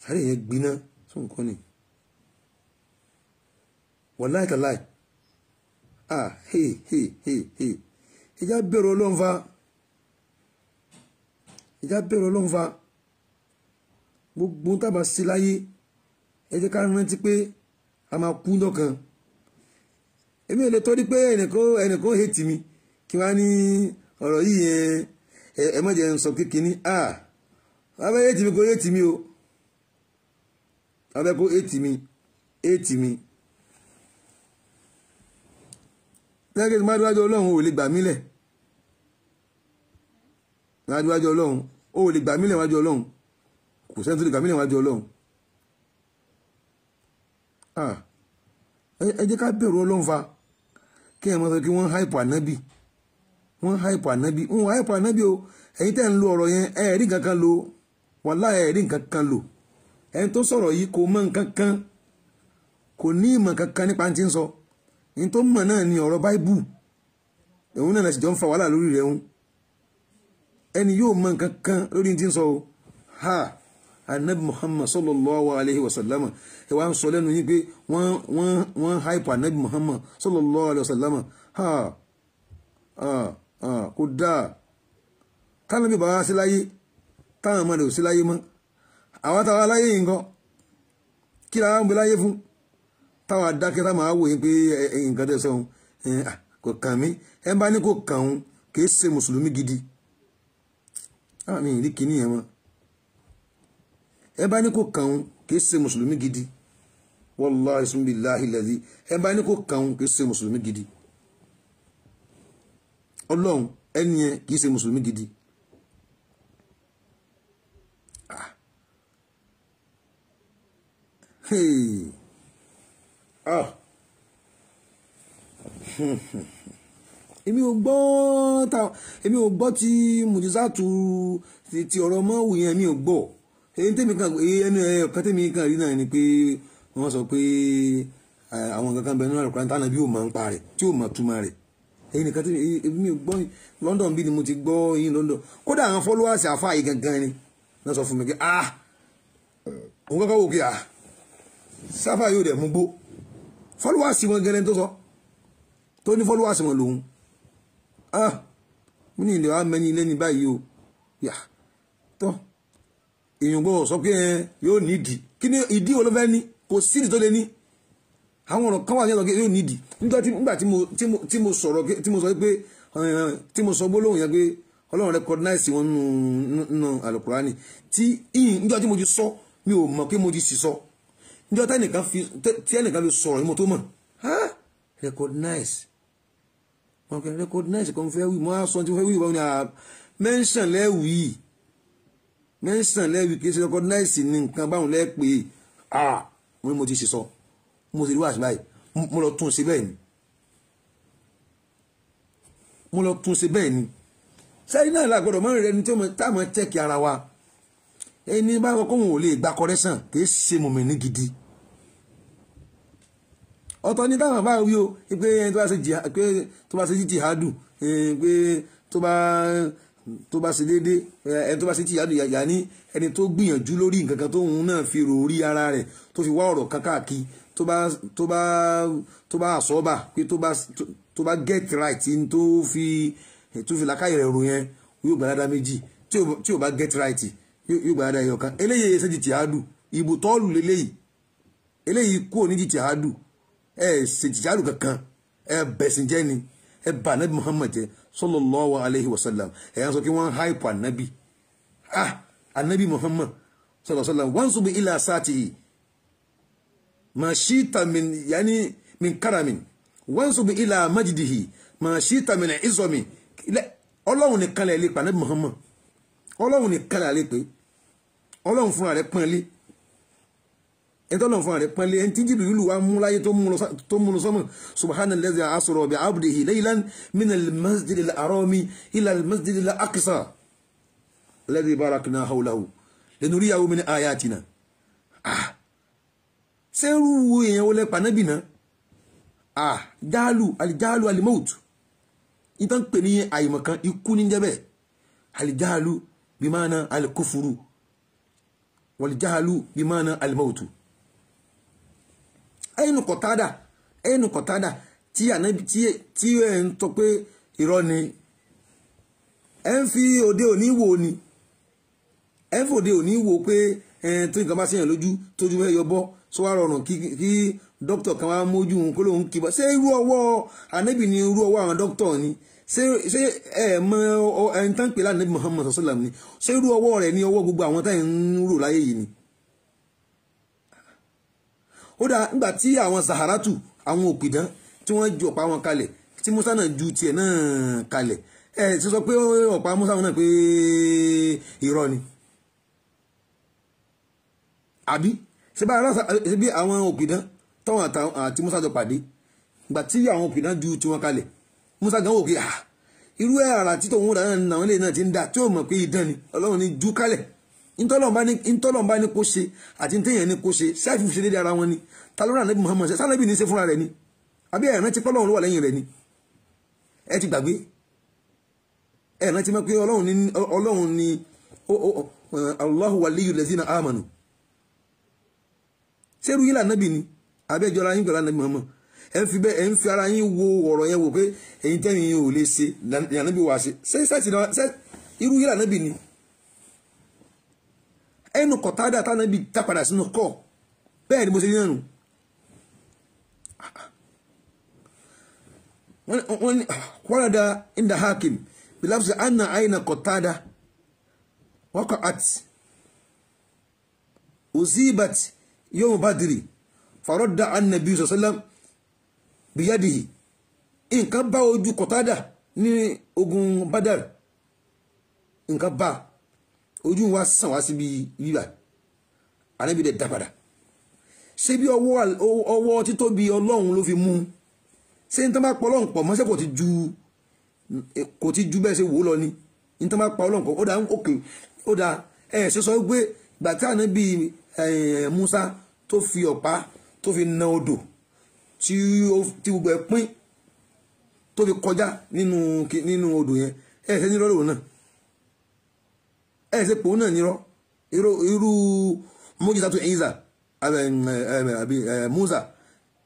sáré yẹn gbiná tó nǹkan ni wọ́n láì tà láì ah hey hey hey hey ìjà bẹ̀rù ọlọ́run fa ìjà bẹ̀rù ọlọ́run fa gbogbo tábà sí láyé ẹ jẹ́ ká rántí pé a máa kú lọ́kàn èmi ò lè torí pé ẹnìkan ẹnìkan hate mi kí wàá ní ọ̀rọ̀ yìí yẹn ẹ mọ̀jẹ̀ ń sọ kékeré à abẹ́ hate mi kò hate mi o abẹ́ kò hate mi hate mi lẹ́gẹ̀ẹ́ tí mádùúwájú ọlọ́run ò lè gbà mí lẹ̀ mádùúwájú ọlọ́run ò lè gbà mí wájú ọlọ́run kò sẹ́ni tó lè gbà mí wájú ọlọ́run Ah. ẹ jẹ́ ká bẹ̀rù ọlọ́run fa kí ẹ máa sọ kí wọ́n anabi, ànábì anabi o Eyi tẹ́ ń ọrọ ọ̀rọ̀ yẹn ẹ̀ rí nǹkan lo wala ẹ̀ rí nǹkan lo ẹni tó kankan nipa ti ń sọ ni ọrọ báíbù òun náà sì jọ ń lori ẹni yóò ha. anabi muhammad sallallahu alayhi wa sallam ẹ wá ń sọ lẹ́nu yín pé wọ́n wọ́n wọ́n hype anabi muhammad sallallahu alayhi wa sallam ha ha ha kò dáa tánàbí bàbá sí láyé táwọn ọmọdé ò sí láyé mọ́ àwọn táwọn aláyé yìí nǹkan kí làwọn ń bẹ láyé fún táwọn adákẹ́ táwọn àwò yín pé nǹkan tẹ̀ sọ́hun kò kàn mí ẹ bá ní kò kàn òun kì í ṣe mùsùlùmí gidi. àmì ìdí kìíní yẹn mọ́ ẹ bá ní kò kàn ún kì í ṣe mùsùlùmí gidi wallahi sùnbìláhi lẹ́dí ẹ bá ní kò kàn ún kì í ṣe mùsùlùmí gidi ọlọ́run ẹni yẹn kì í ṣe mùsùlùmí gidi ah. Hey. Ah. Èmi ò gbọ́ ta èmi ò gbọ́ ti mùjísàtù ti ọ̀rọ̀ mọ́wù yẹn èmi ò gbọ́ èyí tẹ́mi kan ẹnu ẹ̀kan tẹ́mi kan rí náà ni pé wọ́n sọ pé àwọn nǹkan kan bẹ nínú àlùkò àtàlà bí ò máa ń pa rẹ̀ tí ò máa túmọ̀ rẹ̀ èyí nìkan tẹ́mi èmi mi gbọ́ London bí ni mo ti gbọ́ yín London kódà àwọn followers àfa yìí gangan ni wọ́n sọ fún mi pé ah òun kankan wò pé ah sáfà yóò dẹ̀ mú gbó followers wọn gẹ́lẹ́ tó sọ tó ní followers wọn lòun ah mo ní ilẹ̀ wa mẹ́ni lẹ́ni báyìí o yà tán èèyàn sọ pé yóò nídìí kí ni ìdí wo ló fẹ́ ní kò sídìí tó lé ní àwọn ọ̀rọ̀ kan wà ní yóò nídìí nígbà tí mo sọ̀rọ̀ tí mo sọ pé tí mo sọ gbólóhùn yẹn pé ọlọ́run recognize wọn nínú alukurani tí ìyìn níjọ́ tí mo ti sọ mi ò mọ̀ pé mo ti sì sọ níjọ́ tí ẹnìkan fi sọ̀rọ̀ yìí mo tó mọ̀ recognize wọn kì í kan fẹ́ wí mo á sọ tí fẹ́ wí ìwọ ni ah, mention lẹ́wìí nẹ́sàn lẹ́wì kí n ṣe lọ́kọ́ nẹ́ẹ̀sì ni nǹkan báwọn lẹ́ẹ̀pẹ́ ah mo ní mo ti ṣe sọ mo ti rí wàásù báyìí mo lọ tún un ṣe bẹ́ẹ̀ ni mo lọ tún un ṣe bẹ́ẹ̀ ni sẹ́yìn náà la gbọ́dọ̀ mọ́rin rẹ ni tí táwọn tẹ́kì ara wa ẹni bá wọ kóhun ò lè gba kọrẹ́sàn kì ṣe mọ̀mí ní gidi ọ̀tọ̀ ní táwọn bá wí o pé tó bá ṣe jihadu pé tó bá tó bá ṣe déédéé ẹni tó bá ṣe tí ìyáàdùn yàyà ní ẹni tó gbìyànjú lórí nǹkan kan tóun náà fi rò orí ara rẹ̀ tó fi wá ọ̀rọ̀ kan tó bá àsọ́bà pé tó bá get right tó fi tó fi làkàyè rẹ̀ rò yẹn yóò gba dáadáa méjì tí ò bá get right yóò gba dáadáa ẹyọ kan eléyìí ẹsẹ̀ jìtì àádùn ìbò tọ́ọ̀lù lélẹ́yìí eléyìí kúrò ní jìtì àádùn ẹ̀ ṣèjìjì àádùn kankan ẹ̀ bẹ̀sìn jẹ́ ni ẹ̀ bà náà Muhammad sallallahu alaihi wasallam. sallam ẹ̀yà sọ kí wọ́n hype anabi ah anabi muhammad sallallahu alaihi wasallam. sallam wọ́n sùn bí ilà sáàtì min yani min karamin wọ́n sùn bí majdihi. majidihi màṣítà min izomi ọlọ́run nìkan lè lè pa anabi muhammad ọlọ́run nìkan lè lè pé ọlọ́run fúnra rẹ̀ pọ́n lé ìtọ́lọ̀ fún ààrẹ pẹ́lẹ́ ẹni tí jìbìrìlù wa mú láyé tó múnu sọ́mù subhana lẹ́sẹ̀ asọ̀rọ̀ ọ̀bẹ̀ abdihi laylan minal masjid al-arami ila masjid al-aqsa lẹ́sẹ̀ barakna hawlahu lẹ́nu rí yàwó mi ní ayatina. sẹ́rù ah. wo èèyàn wọlé pànábì náà ah. jáàlù alìjáàlù alimout ìtàn pè ní àyèmọ̀kan ikú ní jẹ́bẹ̀ alìjáàlù bimana alikufuru wàlìjáàlù bimana alimout ẹnu kọ̀tádà ẹnu kọ̀tádà tí ànábi tí ẹ ń tọ́ pé irọ́ ni ẹ ń fi òde òní wò ni ẹ ń fòde òní wò pé tó nǹkan bá ṣèyàn lójú tójú fẹ́ yọ bọ́ sọ wá rọrùn kí dókítà kan wá mójú òun kó lóun kì í bọ́ ṣé irú ọwọ́ ànábì ni irú ọwọ́ àwọn dókítà ni ṣé ẹ mọ ẹni tán pè lánàá Muhammad sallam ni ṣé irú ọwọ́ rẹ̀ ni ọwọ́ gbogbo àwọn táyà ń rò láyé yìí ni ó dá nígbà tí àwọn Zaharatu àwọn òpìdán tí wọ́n ju ọ̀pá wọn kalẹ̀ tí Musa náà ju tiẹ̀ náà kalẹ̀ ẹ̀ ti sọ pé ọ̀pá Musa náà pé irọ́ ni àbí ṣe bá aráàlú ṣe bí àwọn òpìdán tọ́wọ́n àti Musa jọ pàdé ìgbà tí àwọn òpìdán ju tiwọn kalẹ̀ Musa gan wò pé ah, irú ẹ̀ àrà títọ̀ òun rà náà náà lè náà ti ń dà tí ó mọ̀ pé idán ni Ọlọ́run ni ju kalẹ̀ ntọ́lọ́mbá ní kó ṣe àti ntẹ́yẹn ní kó ṣe ṣáàfù ṣe déédéé ara wọn ni ta ló rà nẹ́bí Muhammad ṣe sálẹ́bí ní í ṣe fúnra rẹ̀ ni àbí ẹ̀rán ti pọ́lọ́run ló wà lẹ́yìn rẹ̀ ni ẹ ti gbàgbé ẹ̀rán ti mọ̀ pé ọlọ́run ni Allahu waliyu lẹ́sìn náà amanu ṣerú yìí lànàbì ni abẹ́jọ́ ara yín pẹ̀lú ànàbì Muhammad ẹ ń fi bẹ́ẹ̀ ẹ ń fi ara yín wo ọ̀rọ̀ yẹn wò pé ẹ̀yin tẹ́yìn yín ò lè ṣe lànàbì wà ṣe ṣe irú yìí lànàbì ni ẹnu kọ̀tádà tánàbí tápadà sínú kọ̀ bẹ́ẹ̀ ni mo ṣe rí ẹnu wọ́n wọ́nàdà inda hakim bilafsi anna aina kọ̀tádà wọ́kọ̀ at uzibat yawm badri farodda annabi sallam biyadihi nǹkan bá ojú kọ̀tádà ní ogun badar nǹkan bá ojú wa sàn wá síbi bíbà ànábì dẹ̀ dá padà ṣé bí ọwọ́ títóbi ọlọ́run ló fi mú ṣé ní tán bá pọ̀ ọlọ́run pọ̀ mọ́ṣẹ́ kò ti ju kò ti ju bẹ́ẹ̀ ṣe wò ó lọ ni ní tán bá pa ọlọ́run pọ̀ ó dà ókè ó dà ẹ̀ ṣe sọ pé gbàtà ànábì Musa tó fi ọ̀pá tó fi na odò tí gbogbo ẹ̀ pín tó fi kọjá nínú odò yẹn ẹ̀ ṣe ní lọ́dọ̀ náà ẹ ṣe pòun náà nírọ́ irú mójútà tó ẹ̀yìn zà àbí Musa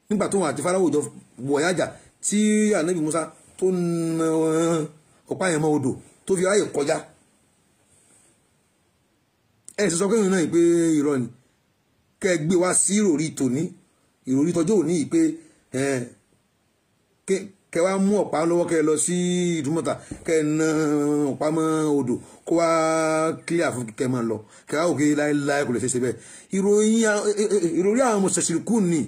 nígbà tó wọn àti Fáráò jọ wọ̀yájà tí ànábì Musa tó na ọ̀pá yẹn mọ́ odò tó fi ráyè kọjá ẹ ṣe sọ pé ìrìn náà pé irọ́ ni kẹ́ ẹ gbé wá sí ìròrí tòní ìròrí tọjọ́ òní pé kẹ wá mú ọ̀pá lọ́wọ́ kẹ lọ sí ìdúmọ̀tà kẹ na ọ̀pá mọ́ odò kó wá kílíà fún kẹ máa lọ kẹ wá òkè láéláé kò lè ṣeéṣe bẹ́ẹ̀ ìròrí e, e, e, àwọn mọ̀ṣẹ̀ṣìrìkù ni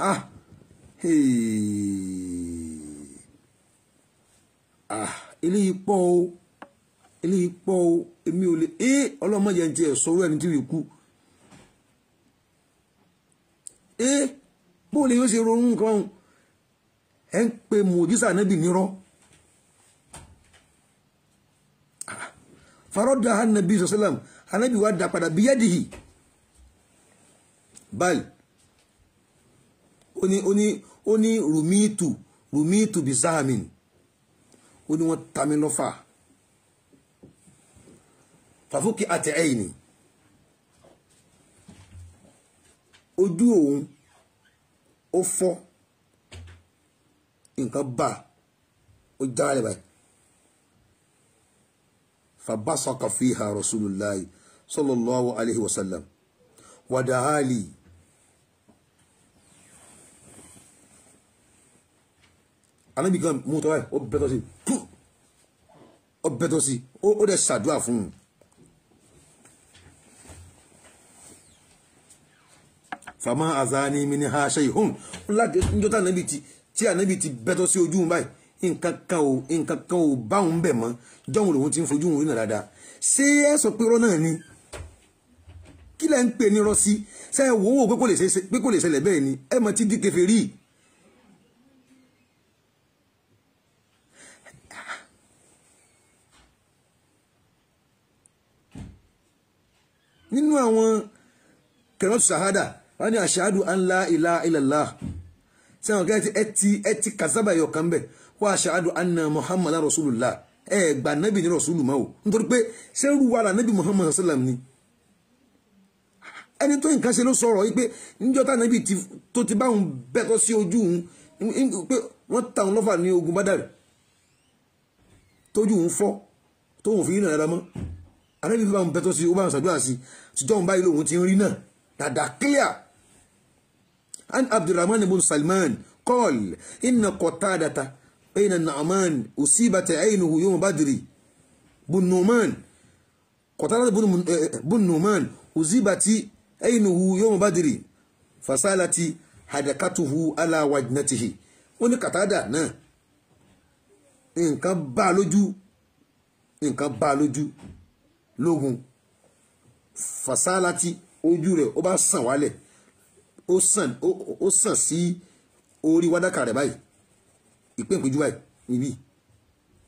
ha ah eléyìí pọ̀ o eléyìí pọ̀ o èmi ò lè ẹ́ eh, ọlọ́mọdé ẹ̀ ń tiẹ̀ sọ̀rọ̀ ẹni tí ò yẹ kú ẹ eh, bó ni yóò ṣe ronú nǹkan ọ̀hún ẹ ń pe mòjísà nábì nírọ́ farọ́dà hanabi sọ́sálàm hanabi wa dà padà bí yẹ́dìhì báyìí ó ní ó ní ó ní rùmíìtù rùmíìtù bí sáhàmìn ó ní wọ́n tamínọ́fà fàfúkì àtẹ̀ẹ́yìn ni. ojú òun ó fọ́ nǹkan bá ó jáde báyìí fàbásọ́kà fíhà rasulullahi sallallahu alaihi wasallam wàdáhálì anábìkan mú tọ́wẹ́ ó bẹ́tọ̀ sí ó bẹ́tọ̀ sí ó dẹ̀ ṣàdúrà fún un fàmà àzáni mi ni ha ṣe ìhùn ńláde níjọ́ tá ànábì ti tí ànábì ti bẹ́tọ́ sí ojú báyìí nǹkan kan ò nǹkan kan ò báwọn bẹ̀ mọ́ jọ́hún lòun ti ń fojú òun rìnà dáadáa ṣé ẹ sọ pé irọ́ náà ni kí lẹ́ ń pè ní irọ́ sí ṣe é wò ó pé kò lè ṣẹlẹ̀ bẹ́ẹ̀ ni ẹ mọ̀ ti di kèfèrí. nínú àwọn kẹrọ́tù sahada wọ́n ní ashadu an la ilaha illallah sẹ́wọ̀n kẹ́ ẹ ti ẹ ti kàzábà yọ̀ kan bẹ̀ wọ́n ashadu anna muhammad rasulullah ẹ̀ gbà nábì ní rasulu ma o nítorí pé sẹ́rù wà rà nábì muhammad sallam ni ẹni tó nǹkan ṣe ló sọ̀rọ̀ yìí pé níjọ́ tá nábì tó ti báwọn bẹ́tọ̀ sí ojú òun pé wọ́n ta òun lọ́fà ní ogun bádàrí tójú òun fọ́ tóun fi rí náà mọ́ anábì bá òun bẹ́tọ̀ sí ó bá òun ṣàdúrà sí ṣùgbọ́n báyìí lòun ti ń rí náà dàdà clear an abdulrahman ibn salman qal inna qatadata bayna na'man usibat aynuhu yawm badri bun numan qatadata bun bun numan usibati aynuhu yawm badri fasalati hadakatuhu ala wajnatihi ó ní qatada náà nǹkan bá lójú nǹkan bá lójú lógun fasalati ojú rẹ̀ ó bá sàn wálẹ̀ ó sàn ó sàn sí orí wádàkà rẹ̀ báyìí ìpínpínjú báyìí níbí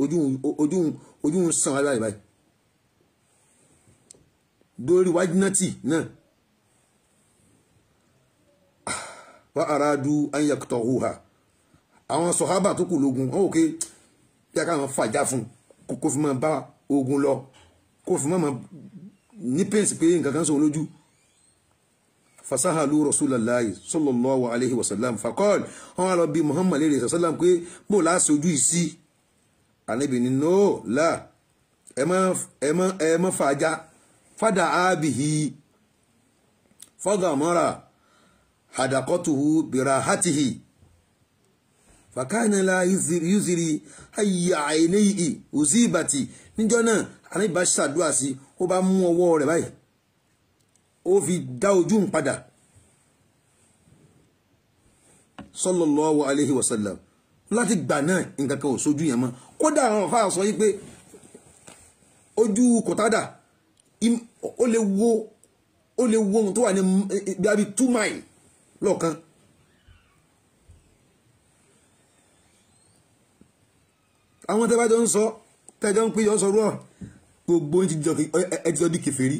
ojú ojú ojú ń sàn wáyé báyìí dórí wájúnátì náà wá aráàdú ayẹkùtọ̀ hùwà àwọn sọ̀hábà tó kù lógun ó ké bí a káwọn fàjà fún kó fi máa bá ogun lọ kó fi máa ní pèsè pé nǹkan kan sọ lójú fasahalu rasulallah sallallahu alayhi wa sallam fakọọl wọn wá lọ bí muhammad lè rè sallam pé bó o láti ojú ìsí anabi ni no la ẹ mọ fàájà fada abihi fagamara hadakotuhu birahatihi fakana la yuziri ayya ainihi uzibati níjọ náà anabi bá ṣàdúrà sí ó bá mú ọwọ́ rẹ̀ báyìí ó fi dá ojú ń padà sallallahu alaihi wasallam láti gbà náà nǹkan kan ò sójú yẹn mọ́ kódà àwọn ọ̀fà sọ yí pé ojú kòtádà ó lè wo ó lè wo ohun tó wà ní bíi two mile lọ́ọ̀kan àwọn tẹ́bájọ́ ń sọ tẹ́jọ́ ń pé yọ́ sọ rú ọ̀ gbogbo ẹ̀ ti jọ di kèfèrí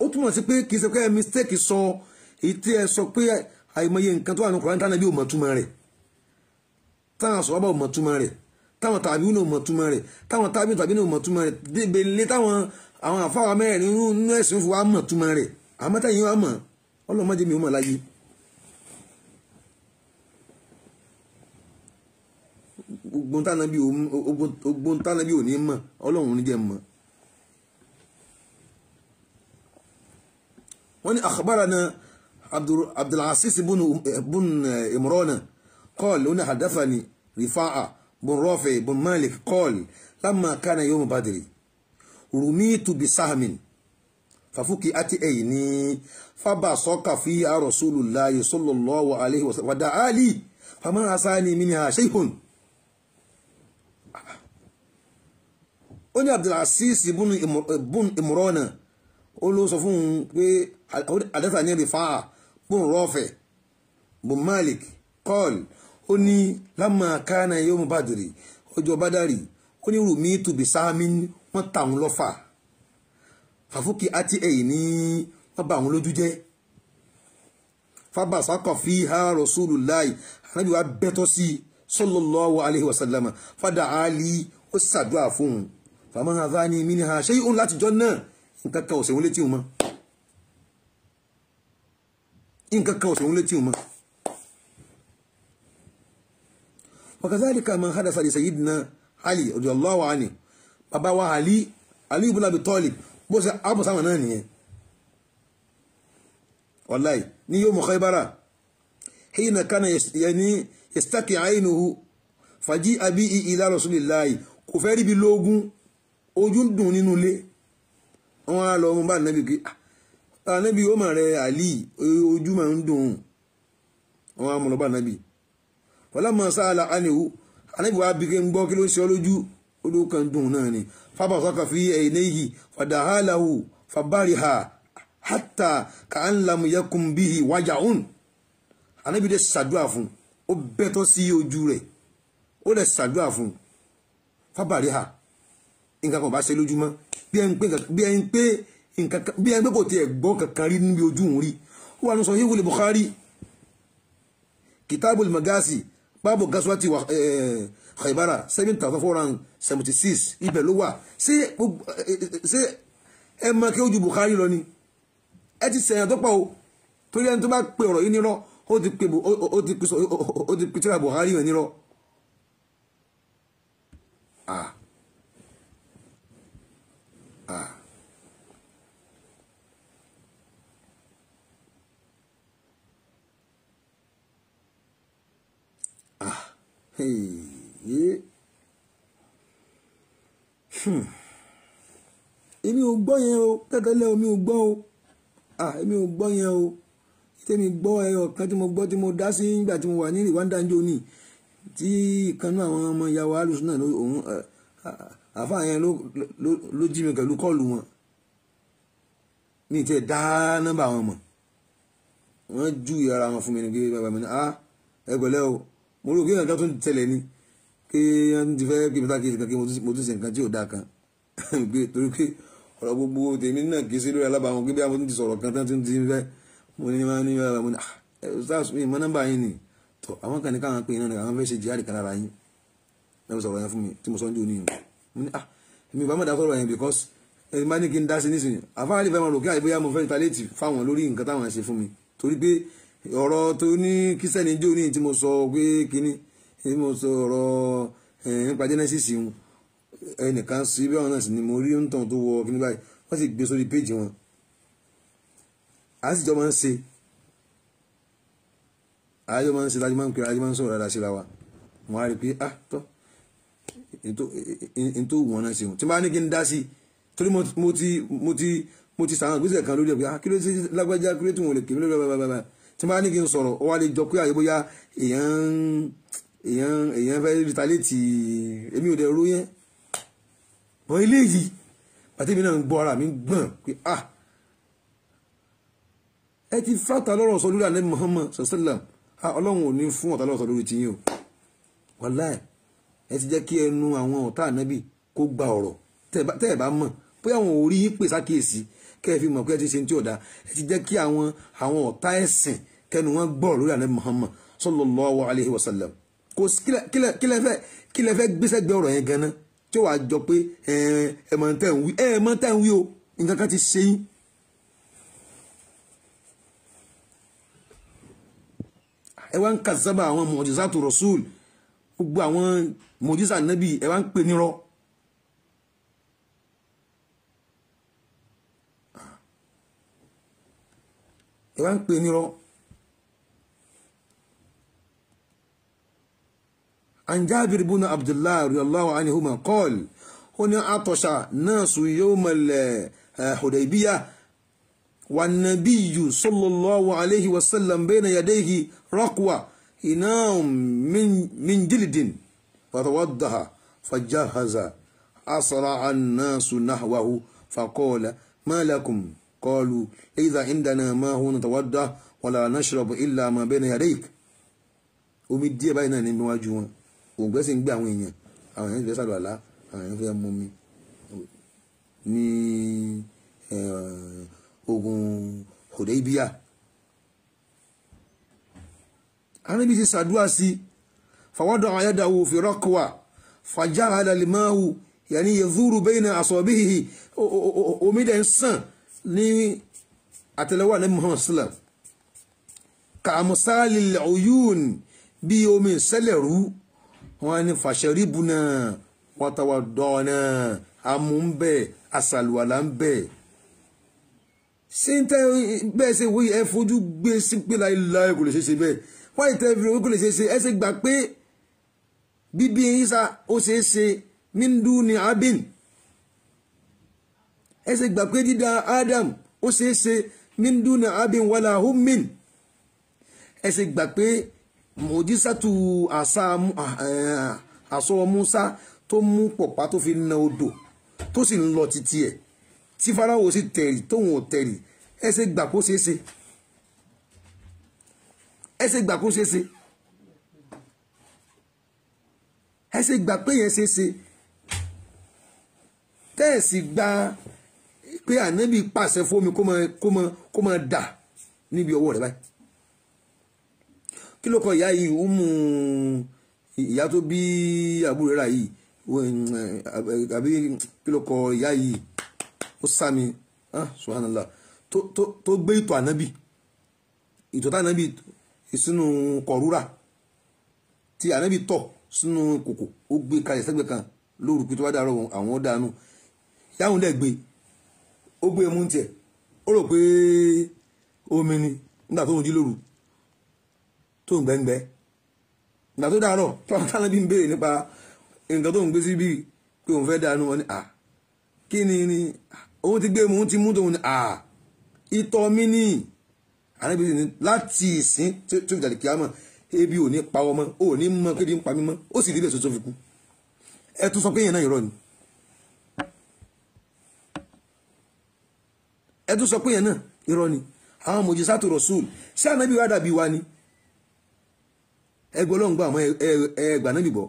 ó túmọ̀ sí pé kì í ṣe pé mistake sọ èyí tí ẹ sọ pé àìmọye nǹkan tó wà ní kùránì tánàbí ò mọ̀ túmọ̀ rẹ̀ táwọn sọ̀rọ̀ bá ò mọ̀ túmọ̀ rẹ̀ táwọn tàbí ò mọ̀ túmọ̀ rẹ̀ táwọn tàbí tàbí ò mọ̀ túmọ̀ rẹ̀ débè lé táwọn àwọn àfáwà mẹ́rin nínú ẹ̀sìn fún wa mọ̀ túmọ̀ rẹ̀ àmọ́tẹ́yìn wa mọ̀ ọlọ́mọdé mi ò mọ̀ láyé. ogun tánàbí ò ní mọ̀ ọlọ́run ní jẹ́ mọ̀ wọ́n ní akhbarana abdulaziz bun imrana kọ́ọ̀lì ó ní hadathani rifa'a bun rafi bun malik kọ́ọ̀lì lamma kana yawm badri rumitu bi sahmin fafuki ati ayni faba sọ́kà fi rasulullahi sallallahu alaihi wa da'ali faman asani minha shay'un ó ní abdulaziz bun imrana ó ló sọ fún un pé àdẹ́sàní rìfáà bùn rọ́ọ̀fẹ̀ bùn malik kọ́ọ̀l ó ní lámà kánà yóò mú bàdìrì ọjọ́ bádàrì ó ní rùmí tùbí sáámi wọ́n tà wọ́n lọ́fà fàfúkì àti ẹ̀yìn ní wọ́n bá àwọn lójú jẹ́ fábàsákọ̀ fi ha rasulullahi anábì wa bẹ́tọ́ sallallahu alaihi wasallam fada ali ó ṣàdúrà fún un fàmọ́ ha ní mí ní ha kan ọ̀sẹ̀ wọn létí wọn mọ́ nǹkan kan ọ̀sẹ̀ òun létí òun mọ́. wakazalika man hadasa li sayidina ali radiyallahu anhu bàbá wa ali ali ibn abi talib bó ṣe abu sáwọn náà nìyẹn wàláì ní yóò mọ̀ khaybara hina kana yẹni yastaqi aynuhu fàjí àbí ila rasulillahi kò fẹ́ ríbi lógún ojú ń dùn nínú ilé wọn á lọ ọmọ bá nàbì ah anabi o mà rẹ ali ojú dun ń dùn wọn á mọ̀ lọ́ba anabi falamma sa'ala anhu anabi wa bí ké ń gbọ́ kí ló ń ṣe ọ́ lójú olú kan dùn náà ni fabasaka fi aynayhi fadahalahu fabariha hatta ka'an lam yakun bihi waja'un anabi dẹ̀ ṣàdúrà fún ó bẹ́tọ́ sí ojú rẹ̀ ó dẹ̀ ṣàdúrà fún fabariha nǹkan kan bá ṣe lójúmọ́ bí ẹni pé nǹkan bí ẹgbẹ́ kò tiẹ̀ gbọ́n kankan rí níbi ojú òun rí ó wà ní sọ híhùlẹ̀ Bukhari kitabul magasi báàbò gaswati wa eh, eh, Khaybara seven thousand four hundred seventy six ibẹ̀ ló wà ṣé eh, ṣé ẹ máa kí ojú Bukhari lọ ni ẹ ti sẹ̀yìn tó pa o torí ẹni tó bá pe ọ̀rọ̀ yìí nírọ́ ó ti pe ó ti pe tíra Bukhari yẹn nírọ́ ah Eh. Hmm. èmi ò gbọ́ yẹn o tẹ́tẹ́lẹ́ omi ò gbọ́ o èmi ò gbọ́ yẹn o tẹ́mi gbọ́ ẹyọ kan tí mo gbọ́ tí mo dá sí nígbà tí mo wà ní Rwanda njó ní tí ìkànnú àwọn ọmọ ìyàwó alùsùnà òun àfáà yẹn ló jí mi pẹ̀lú kọ́ọ̀lù wọn mi tẹ́ dá nọ́mbà wọn mọ̀ wọ́n ju ìyára wọn fún mi ní gbé bàbá mi ní a ah, ẹgbẹ̀lẹ́ o mo rò pé nǹkan tó ń ni pé wọ́n ti fẹ́ kí mi sáà kí nǹkan kí mo tún ṣe nǹkan tí ò dáa kan pé torí pé ọ̀rọ̀ gbogbo tèmi náà kì í ṣe lórí alábàáwọn pé bí àwọn tó ti sọ̀rọ̀ kan tán tí ń ti fẹ́ mo ní máa ní bàbá mo ní ah, sars mi mọ́ nọ́mbà yín ni tọ́ àwọn kan ní káwọn pé iná ni àwọn fẹ́ ṣe jihadi kan lára yín lẹ́nu sọ̀rọ̀ yẹn fún mi tí mo sọ ń jò níyìn mo ní ah èmi ò bá mọ̀ dá sọ̀rọ̀ yẹn because ẹni bá ní kí n dá sí nísìnyí àfáàlì fẹ́ máa rò kí àìbóyá mo fẹ́ palliative fáwọn lórí nǹkan táwọn ṣe fún mi torí pé ọ̀rọ̀ tó ní kírísítẹ́nì jó ní tí mo sọ pé kínní tí mo sọ ọ̀rọ̀ nípa genesis wọn ẹnìkan sí bí àwọn náà sì ni mo rí nǹkan tó wọ kínní báyìí wọ́n sì gbé sórí péjì wọn a sì jọ máa ń ṣe àjọ máa ń ṣe lájú máa ń máa ń sọ̀rọ̀ dáadáa síra wa wọ́n á rí i pé ah tọ́ n tó wù wọ́n náà ṣe wọn tí wọ́n bá ní kí n dá sí i torí mo ti mo ti mo ti sàwọn ìgbésẹ̀ kan lórí ẹ̀ pé ah kí ló ti lágbájá kí ló ti wọ̀n kí ló ti lágbájá tí wọ́n bá ní kí n sọ̀rọ̀ ó wá lè jọ pé àyè bóyá èèyàn èèyàn èèyàn fẹ́ retaliate èmi ò dẹ̀ ro yẹn bọ́ eléyìí pàtẹ́mi náà ń gbọ́ ara mi gbọ̀n pé ah ẹ ti fàtà lọ́rọ̀ sọ lórí àlẹ́ Muhammad sallam ah ọlọ́run ò ní fún ọ̀tá lọ́rọ̀ sọ lórí tiyín o wàláì ẹ ti jẹ́ kí ẹnu àwọn ọ̀tá ànábì kó gba ọ̀rọ̀ tẹ́ ẹ bá mọ̀ bóyá àwọn ò rí yín pè sákèésí kẹ́ ẹ fi mọ̀ pé ẹ ti ṣe ní tí ò dáa ẹ ti jẹ́ kí àwọn àwọn ọ̀tá ẹ̀sìn kẹnu wọn gbọ́ lórí àlẹ́ Muhammad sallallahu alayhi wa sallam kò kí lẹ fẹ́ gbéṣẹ́ gbé ọ̀rọ̀ yẹn gan-an tí ó wàá jọ pé ẹ mọ̀ tẹ́ ń ń wí o nǹkan kan ti ṣe yín. ẹ wá ń kà sábà àwọn mọ̀jísà tó Rasul gbogbo àwọn mọ̀jísà nábì ẹ wá ń pè nírọ́. عن جابر بن عبد الله رضي الله عنهما قال هنا عطش ناس يوم الحديبية والنبي صلى الله عليه وسلم بين يديه رقوة إناء من من جلد فتوضها فجهز أسرع الناس نحوه فقال ما لكم قالوا إذا عندنا ما هو نتودع ولا نشرب إلا ما بين يديك omi díẹ̀ báyìí náà ní níwájú wọn òǹgbẹ́ sì ń gbé àwọn èèyàn àwọn èèyàn fẹ́ sàlùwàlá àwọn èèyàn fẹ́ mú mi ní ogun Hudaybiya anábì ti sàdúrà sí fàwọ́dọ̀ àyàdáwò fìrọ́kùwà fàjà àdàlímáwò yàní yẹ̀zúrù bẹ́ẹ̀ ní àsọ̀bíhì omi dẹ̀ ń sàn ní àtẹ́lẹwọ́ àlẹ́ muhammad sallam kàmùsáàlì ọ̀yún bí omi ìṣẹ́lẹ̀rú wọn ni fàṣẹríbu náà wọ́tawà dọ́ọ̀nà amú ń bẹ̀ àṣàlùwàlà ń bẹ̀ ṣé ń tẹ́ bẹ́ẹ̀ ṣe wọ́n ẹ fojú gbé sí pé láìláì kò lè ṣe bẹ́ẹ̀ wọ́n ìtẹ́ fi kò lè ṣe é gbà pé bíbí yín sá ó ṣe é ṣe abin ẹ ṣe gbà pé dídá Adam ó ṣeé ṣe min duna abin wala hummin ẹ ṣe gbà pé mòjísàtù àsọ Musa tó mú pọ̀pá tó fi na odò tó sì ń lọ títí ẹ̀ tí Fáráò sì tẹ̀rì tóun ò tẹ̀rì ẹ ṣe gbà kó ṣeé ṣe ẹ ṣe gbà kó ṣeé ṣe ẹ ṣe gbà pé yẹn ṣeé ṣe tẹ́ẹ̀sì gba pé ànábì pàṣẹ fómi kó máa kó máa kó máa dà níbi ọwọ́ rẹ̀ báyìí kí ló kọ ìyá yìí ó mú ìyá tó bí àbúrò rà yìí eh, àbí kí ló kọ ìyá yìí ó sàmì ah, subhanallah tó gbé ìtọ̀ ànábì ìtọ̀ tá ànábì sínú kọ̀rúrà tí ànábì tọ̀ sínú kòkò ó gbé kalẹ̀ sẹ́gbẹ̀ẹ́ kan lóru pé tó bá dàrọ̀ àwọn ó dànù yáwọn dẹ̀ ó gbé ẹmu tiẹ̀ ó rò pé omi ni nígbà tó ń jí lóru tó ń gbẹ́ngbẹ́ nígbà tó dàárọ̀ tọ́lá bí ń béèrè nípa nǹkan tó ń gbé sí bíi pé òun fẹ́ dànù wọn ni à kí ni ni òun ti gbé mu òun ti mú tòun ni à ìtọ̀ mi ni àrẹ́bìsì ni láti ìsín tó fi jáde kíá mọ̀ ebi ò ní pa ọmọ ò ní mọ kéde ń pa mí mọ́ ó sì rí bẹ́ẹ̀ tó tó fi kú ẹ tún sọ pé yẹn náà irọ́ ni. ẹ tún sọ pé yẹn náà irọ́ ni àwọn mùjísátù rasul ṣé ànábì wá dàbí wa ni ẹ gbọ́ lọ́n gbọ́ àmọ́ ẹ gbà náà bìbọ̀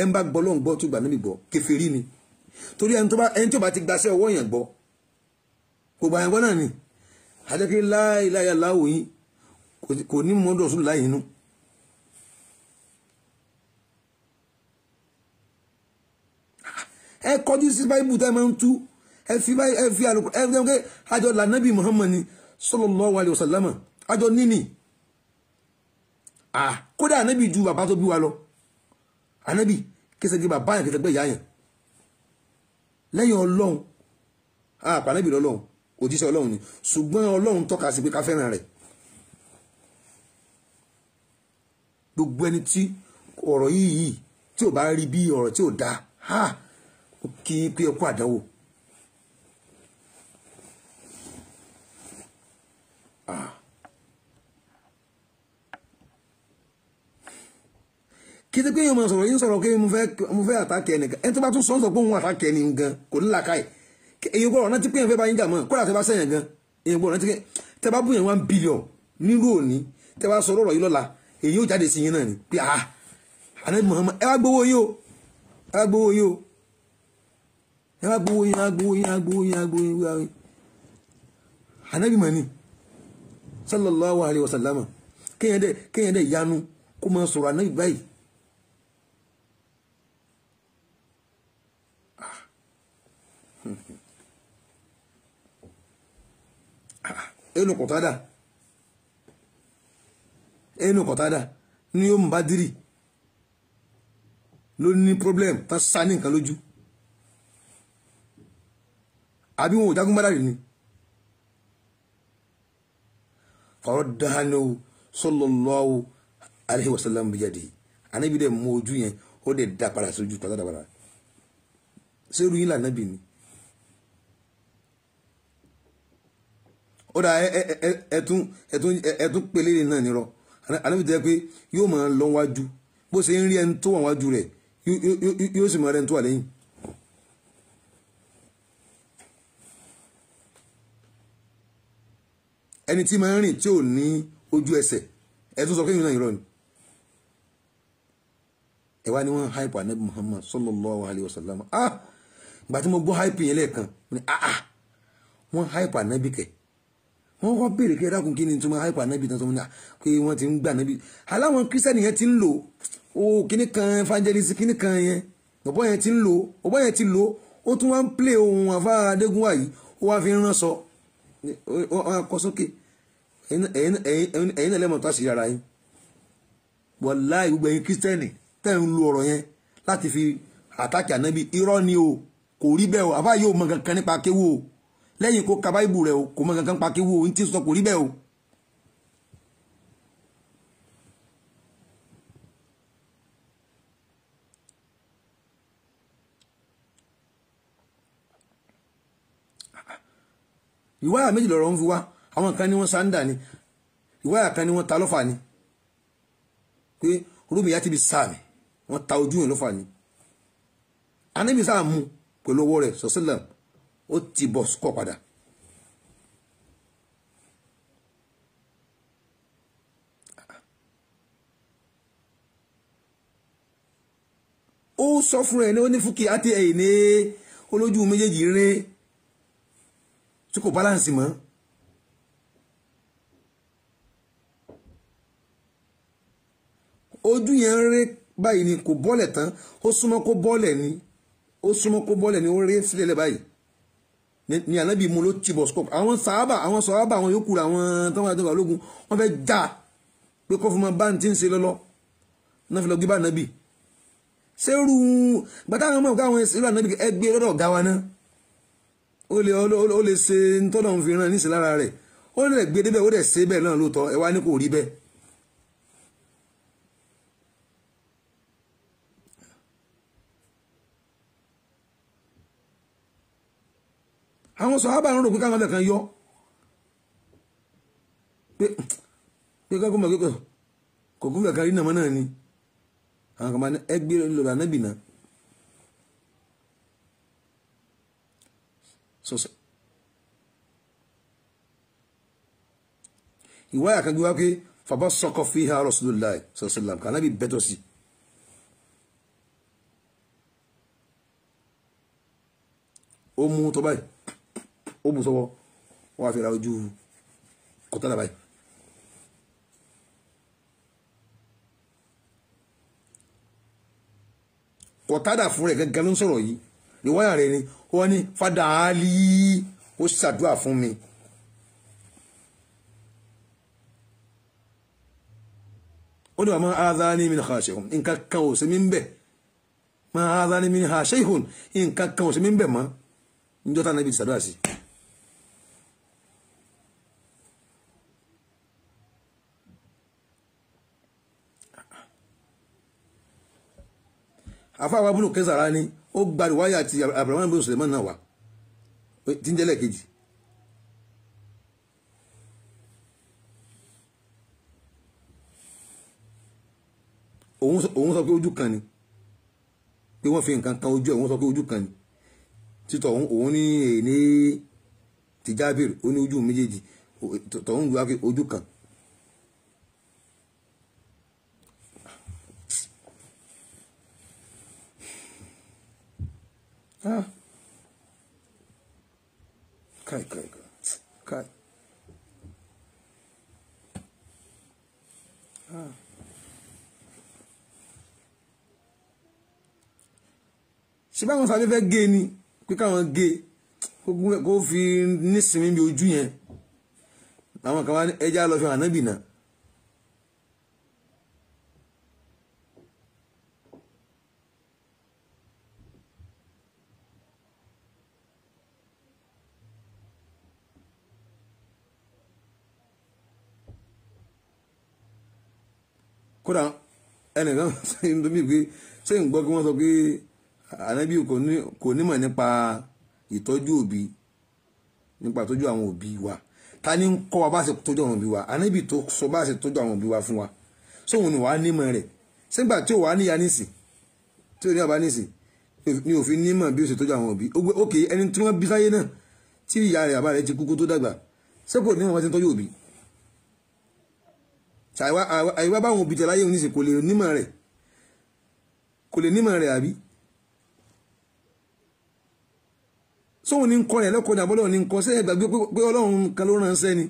ẹ ń bá gbọ́ lọ́n gbọ́ tó gbà náà bìbọ̀ kèfèrí ni torí ẹni tó bá ti gbaṣẹ́ ọwọ́ yẹn gbọ́ kò gbà yẹn gbọ́ náà ni àjẹkí láìláyà láwò yín kò ní mọ́dọ̀ rasul láì inú. ẹ kọjú sí báíbù tẹ́ máa ẹ fi báyìí ẹ fi àlùkò ẹ fi pé àjọ lànàbí Muhammad ni sallallahu alaihi wasallam àjọ níní ah kódà ànábì ju bàbá tó bí wa lọ ànábì kẹsẹ̀ di bàbá yẹn kẹsẹ̀ gbé ìyá yẹn lẹ́yìn ọlọ́run ah pànábì lọ́lọ́run òjíṣẹ́ ọlọ́run ni ṣùgbọ́n ọlọ́run tọ́ka sí pé ká fẹ́ràn rẹ̀ gbogbo ẹni tí ọ̀rọ̀ yìí yìí tí ò bá rí bí ọ̀rọ̀ tí ò dáa ha kí pé ẹ àdánwò kí ti pé yóò máa sọ̀rọ̀ yín sọ̀rọ̀ pé mo fẹ́ àtàkì ẹnìkan ẹni tó bá tún sọ sọ pé òun àtàkì ẹni gan kò ní làákàyè èyí gbọ́dọ̀ rántí pé èyàn fẹ́ bá yín jà mọ́ kódà tẹ́ bá sẹ́yìn gan èyí gbọ́dọ̀ rántí pé tẹ́ bá búyàn one billion nílùú òní tẹ́ bá sọ ọ̀rọ̀ yìí lọ́la èyí yóò jáde sí yín náà ni pé ah anabi muhammad ẹ wá gbowó yín o ẹ wá gbowó yín o ẹ wá gbowó yín ẹ wá gbowó yín ẹ wá gbowó yín ẹ wá gbowó yín anabi mọ̀ sallallahu alayhi wa sallam kéèyàn dẹ̀ kéèyàn dẹ̀ yanu kó máa sọ̀rọ̀ àná ìgbà yìí. ẹnu kọ̀tádà ẹnu kọ̀tádà ní yóò mú bá dírì ló ní problem tá sá ní nǹkan lójú àbí wọn ò jagun bá ni. kọ́rọ́dánù sallallahu alaihi wasallam bìjáde ànábì dẹ̀ mú ojú yẹn ó dẹ̀ dá padà sójú pátá padà sẹ́rù yín lànà bì ní. ó dà ẹ̀tún ẹ̀tún ẹ̀tún pélé náà nírọ̀ ànábì dẹ̀ pé yóò máa lọ wájú bó ṣe ń rí ẹni tó wà wájú rẹ̀ yóò sì máa rẹ́ni tó wà lẹ́yìn. ẹni tí máa ń rìn tí ò ní ojú ẹsẹ̀ ẹ sọ pé ìrìnà ìrọ̀ ni ẹ wá ní wọ́n hype anabi muhammad sallallahu alayhi wa sallam ah gbà tí mo gbọ́ hype yẹn lẹ́ẹ̀kan ni ah ah wọ́n hype anabi kẹ̀ wọ́n kọ́ béèrè kí ẹ dákun kí ni tí wọ́n hype anabi tán tó ní ah, pé wọ́n ti ń gbà anabi aláwọn kírísítẹ́nì yẹn ti ń lò ó kíní kan evangelist kíní kan yẹn ọ̀bọ yẹn ti ń lò ọ̀bọ yẹn ti lò ó tún wá ń play ohun àfáà adégúnwá yìí ó wá fi ń rán wọ́n kọ́ sókè ẹ̀yin náà lẹ́mọ̀ tó àṣírí ara yín wàláì gbogbo ẹ̀yin kírísítẹ́nì tẹ́ ń lu ọ̀rọ̀ yẹn láti fi àtàkì ànábi irọ́ ni o kò rí bẹ́ẹ̀ o àbá yóò mọ kankan nípa akéwò o lẹ́yìn kó ka báìbù rẹ̀ o kò mọ kankan nípa akéwò o ní tí sọ kò rí bẹ́ẹ̀ o. ìwáyà méjì lọ́rọ̀ ń fi wá àwọn kan ní wọ́n sáńdà ni ìwáyà kan ní wọ́n ta lọ́fà ni pé rúmi ìyá ti bi sáàmì wọ́n ta ojú yẹn lọ́fà ni anábì sáà mú pẹ̀lú ọwọ́ rẹ̀ sọ́sílẹ̀ ó ti bọ̀ kọ́ padà. ó sọ fún ẹ ní ó ní fúkì àti ẹ̀yìn ní olójú méjèèjì rẹ̀ tí kò balance mọ́ ojú yẹn ń ré báyìí ni kò bọ́lẹ̀ tán ó súnmọ́ kó bọ́lẹ̀ ni ó súnmọ́ kó bọ́lẹ̀ ni ó ré sílẹ̀ báyìí ni anabi mu ló ti bọ̀ scope àwọn sàábà àwọn sàábà àwọn yòókù àwọn tó wà nípa ológun wọ́n fẹ́ já pé kó fún ma bá ní ti ń ṣe lọ́lọ́ náà fi lọ gbé bá ànábì ṣé rú gbàtà àwọn ọmọ ọ̀gá àwọn ìṣèlú ànábì ẹgbẹ́ lọ́dọ̀ ọ̀gá wa náà ó lè ó lè ṣe ntọ́nà ń fi ran níṣẹ́ lára rẹ̀ ó lè gbé débẹ̀ ó dẹ̀ ṣe bẹ́ẹ̀ náà lóòótọ́ ẹ wá ní kò rí bẹ́ẹ̀. àwọn sọ̀hábà ń rò pé káwọn kan yọ pé pé káwọn mọ̀ pé kò kúmọ̀ kan rí nàmọ́ náà ni àwọn kan máa ẹgbẹ́ lọ́dọ̀ ànábì náà sọsọ. ìwé àkàgbé wa pé fàbá sọkọ fi ha Rasulullah sallallahu kàná bí bẹtọ sí. ó mú tọ́ báyìí ó bù sọ́wọ́ wọ́n á fi ra ojú kọ́tàlá báyìí. kọ̀tádà fún rẹ̀ gẹ́gẹ́ ló ń sọ̀rọ̀ yìí ìwáyà rẹ̀ ni wọ́n ní fada ali ó ṣàdúrà fún mi. ó ní wàá máa áádá ní mi nìkan ṣeun nǹkan kan ò sí mi ń bẹ̀ máa áádá ní mi nìkan ṣeun nǹkan kan ò sí mi ń bẹ̀ mọ́ níjọ́ tá a nàbí ti ṣàdúrà sí i. afáwa búrò kẹsàrá ni ó gba ìwáyà àti Abdulrahman bin Suleiman náà wá tí ń jẹ́lẹ̀ kejì òun sọ pé ojú kan ni pé wọ́n fi nǹkan kan ojú ẹ̀ wọ́n sọ pé ojú kan ni títọ̀ òun ní èyí ní tìjábìrì ó ní ojú méjèèjì tọ̀hún lu ojú kan Ah. Kai, kai, kai. Kai. Ah. ṣe báwọn sáré fẹ́ gé ni pé káwọn gé kó fi nísìnyí bí ojú yẹn àwọn kan wá ẹja lọ fi hàn nábì náà kódà ẹnìkan ṣe ń tóbi pé ṣé ń gbọ́ kí wọ́n sọ pé ànábì kò nímọ̀ nípa ìtọ́jú òbí nípa ìtọ́jú àwọn òbí wa ta ni ń kọ́ wa bá ṣe tọ́jú àwọn òbí wa ànábì tó sọ bá ṣe tọ́jú àwọn òbí wa fún wa sóhun ni wàá nímọ̀ rẹ̀ sígbà tí ò wàá níyà nísì tí ò ní àbá nísì ni òfin nímọ̀ bí ó ṣe tọ́jú àwọn òbí ókè ẹni tí wọ́n bí sáyé náà tí ìyá rẹ̀ àbá rẹ̀ ti kúkú tó dàgbà ṣé kò nímọ̀ wọ́n ti tọ́jú òbí àìwá báwọn òbí jàláyé òun níṣe kò lè nímọ̀ rẹ̀ kò lè nímọ̀ rẹ̀ àbí sóhun ní ń kọ́ yẹn lẹ́kọ̀ọ́ ní abọ́lọ́run ní ń kọ́ sẹ́yìn gbàgbé pé ọlọ́run kan ló ránṣẹ́ ni.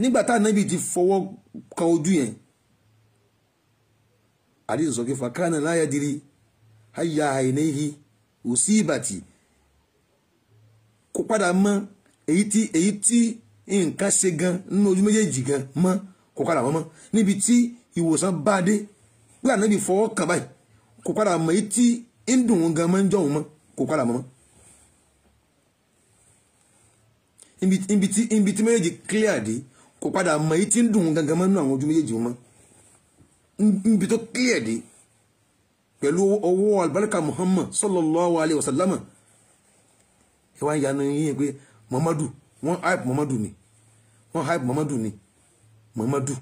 nígbà tá a nábì ti fọwọ́ kan ojú yẹn àdìsí sọ pé fàkànà láyà diri àyà àìníhi òsì ìbàtì kó padà mọ èyí tí èyí tí nǹkan ṣe gan nínú ojú méjèèjì gan mọ kó padà mọ́ mọ́ níbi tí ìwòsàn bá dé pé ànábì fọwọ́ kàn báyìí kó padà mọ èyí tí ń dùn ún gan mọ́ ń jọ̀hún mọ́ kó padà mọ́ mọ́. tí méjèèjì clear dé kó padà mọ èyí tí ń dùn ún gangan mọ́ nínú àwọn ojú méjèèjì mọ́ níbi tó clear dé pẹ̀lú ọwọ́ albarka muhammad sallallahu alayhi wa sallam ẹ wá ń yanu yíyan pé muhammadu wọ́n hype muhammadu ni wọ́n hype muhammadu ni muhammadu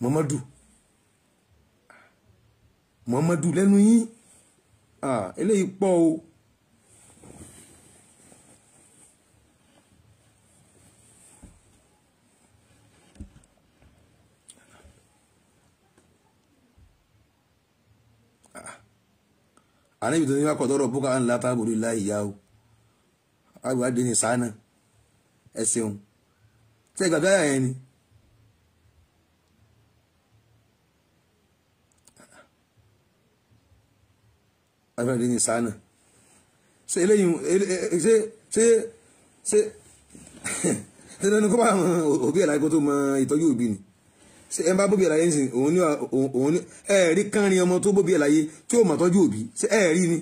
muhammadu muhammadu lẹ́nu yín eléyìí pọ̀ o. àníbi tó ní wá kọ̀tọ́rọ̀ búkà ńlá tábùrú ilá ìyá o agbáde ní sáà náà ẹ ṣeun ṣe gàgáyà yẹn ni agbáde ní sáà náà ṣe eléyìí ṣe ṣe ṣe ṣe dandan ni kó bá òbí ẹ̀ láì kó tó mọ ìtọ́jú òbí ni ṣe ẹ bá bóbi ẹ̀ láyé ń sìn òun ní òun ní ẹ̀ẹ̀rí kánrin ọmọ tó bóbi ẹ̀ láyé tí ó mọ̀ tọ́jú òbí ṣe ẹ̀ẹ̀rí ni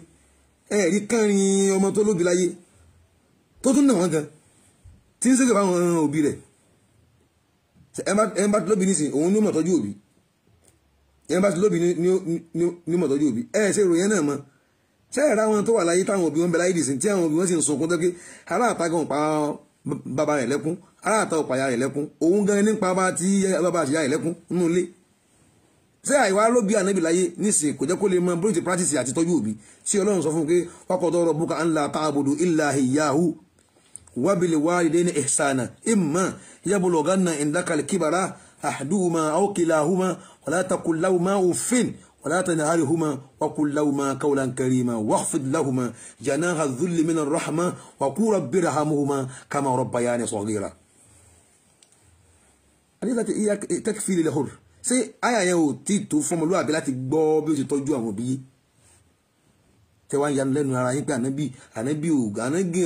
ẹ̀ẹ̀rí kánrin ọmọ tó lóbi láyé tó tún nà wọ́n gan tí ń ṣègbè fáwọn òbí rẹ̀ ṣe ẹ bá lóbi nísìn òun ní ó mọ̀ tọ́jú òbí ẹ bá lóbi ní ó mọ̀ tọ́jú òbí ẹ̀ ṣe ìròyìn náà mọ́ ṣe ẹ̀rá wọn tó wà láyé táwọn òbí wọn bẹ láyé dìsìn tí àwọn òbí wọn sì ń sunkún tó pé aláàtagàn pa baba rẹ̀ lẹ́kún aráàta ò pa ìyá rẹ̀ lẹ́kún òun gan nípa bá ti bàbá àti ìyá rẹ̀ lẹ́kún nínú ilé ṣé àìwá ló bí ànábì láyé nísìnyí kò jẹ́ kó lè mọ bíríìtì practice àti tọ́jú òbí tí ọlọ́run sọ fún un pé wákọ̀tọ̀ rabbuka an la ta'budu illa iyyahu wa bil walidayni ihsana imma yablughanna indakal kibara ahaduhuma aw kilahuma wala taqul lahuma uffin ولا تنهرهما وقل لهما قولا كريما واخفض لهما جناح الذل من الرحمة وقل رب ارحمهما كما ربياني صغيرا àdéhùn ìyá tẹ́kìfì ilẹ̀ hor ṣé àyà yẹn ò tí tó fọmọlúwàbí láti gbọ́ bí ó ti tọ́jú àwọn òbí yìí tẹ́wá ń yanu lẹ́nu ara yín pé ànábì ànábì ò ànábì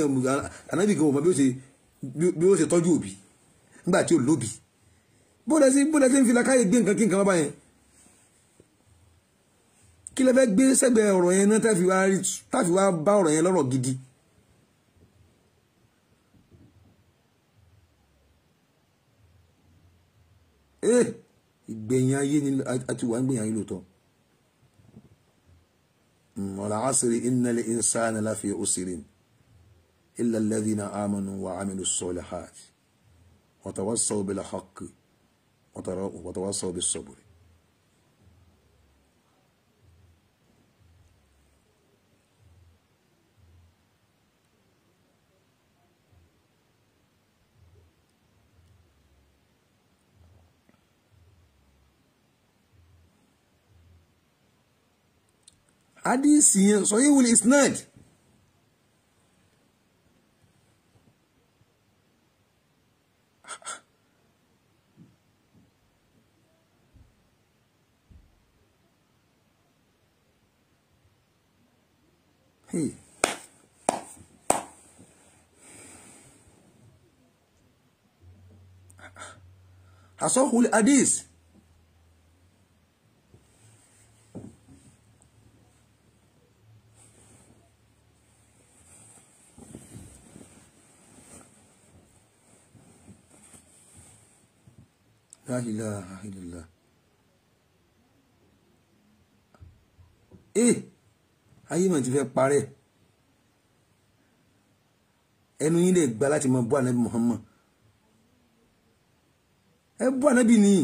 ànábì kan ò mọ bí ó ṣe bí ó ṣe tọ́jú òbí nígbà tí ò lóbi bó lẹ́sìn bó lẹ́sìn ń fi lakáyè gbé nǹkan kí nǹkan bá yẹn kí lẹ fẹ́ gbé sẹ́gbẹ̀ẹ́ ọ̀rọ̀ yẹn náà táfi wá bá ọ̀rọ̀ yẹn lọ́rọ̀ gidi. Eh, ìgbẹ̀yìn ayé ni àti wà ń gbẹ̀yìn ayé lóòótọ́. Mm, wal asri innal insana lafi usrin illa alladhina amanu wa amilu salihat wa tawassaw bil haqqi wa tawassaw bis sabr. hadisi yẹn sahihul isnad Hey. Asọ́hùn hadith la ilaha illallah ee eh, ayé mọ̀ ti fẹ́ parẹ́ ẹnu yín lè gba láti mọ bú ànábì Muhammad ẹ bú ànábì nìyí.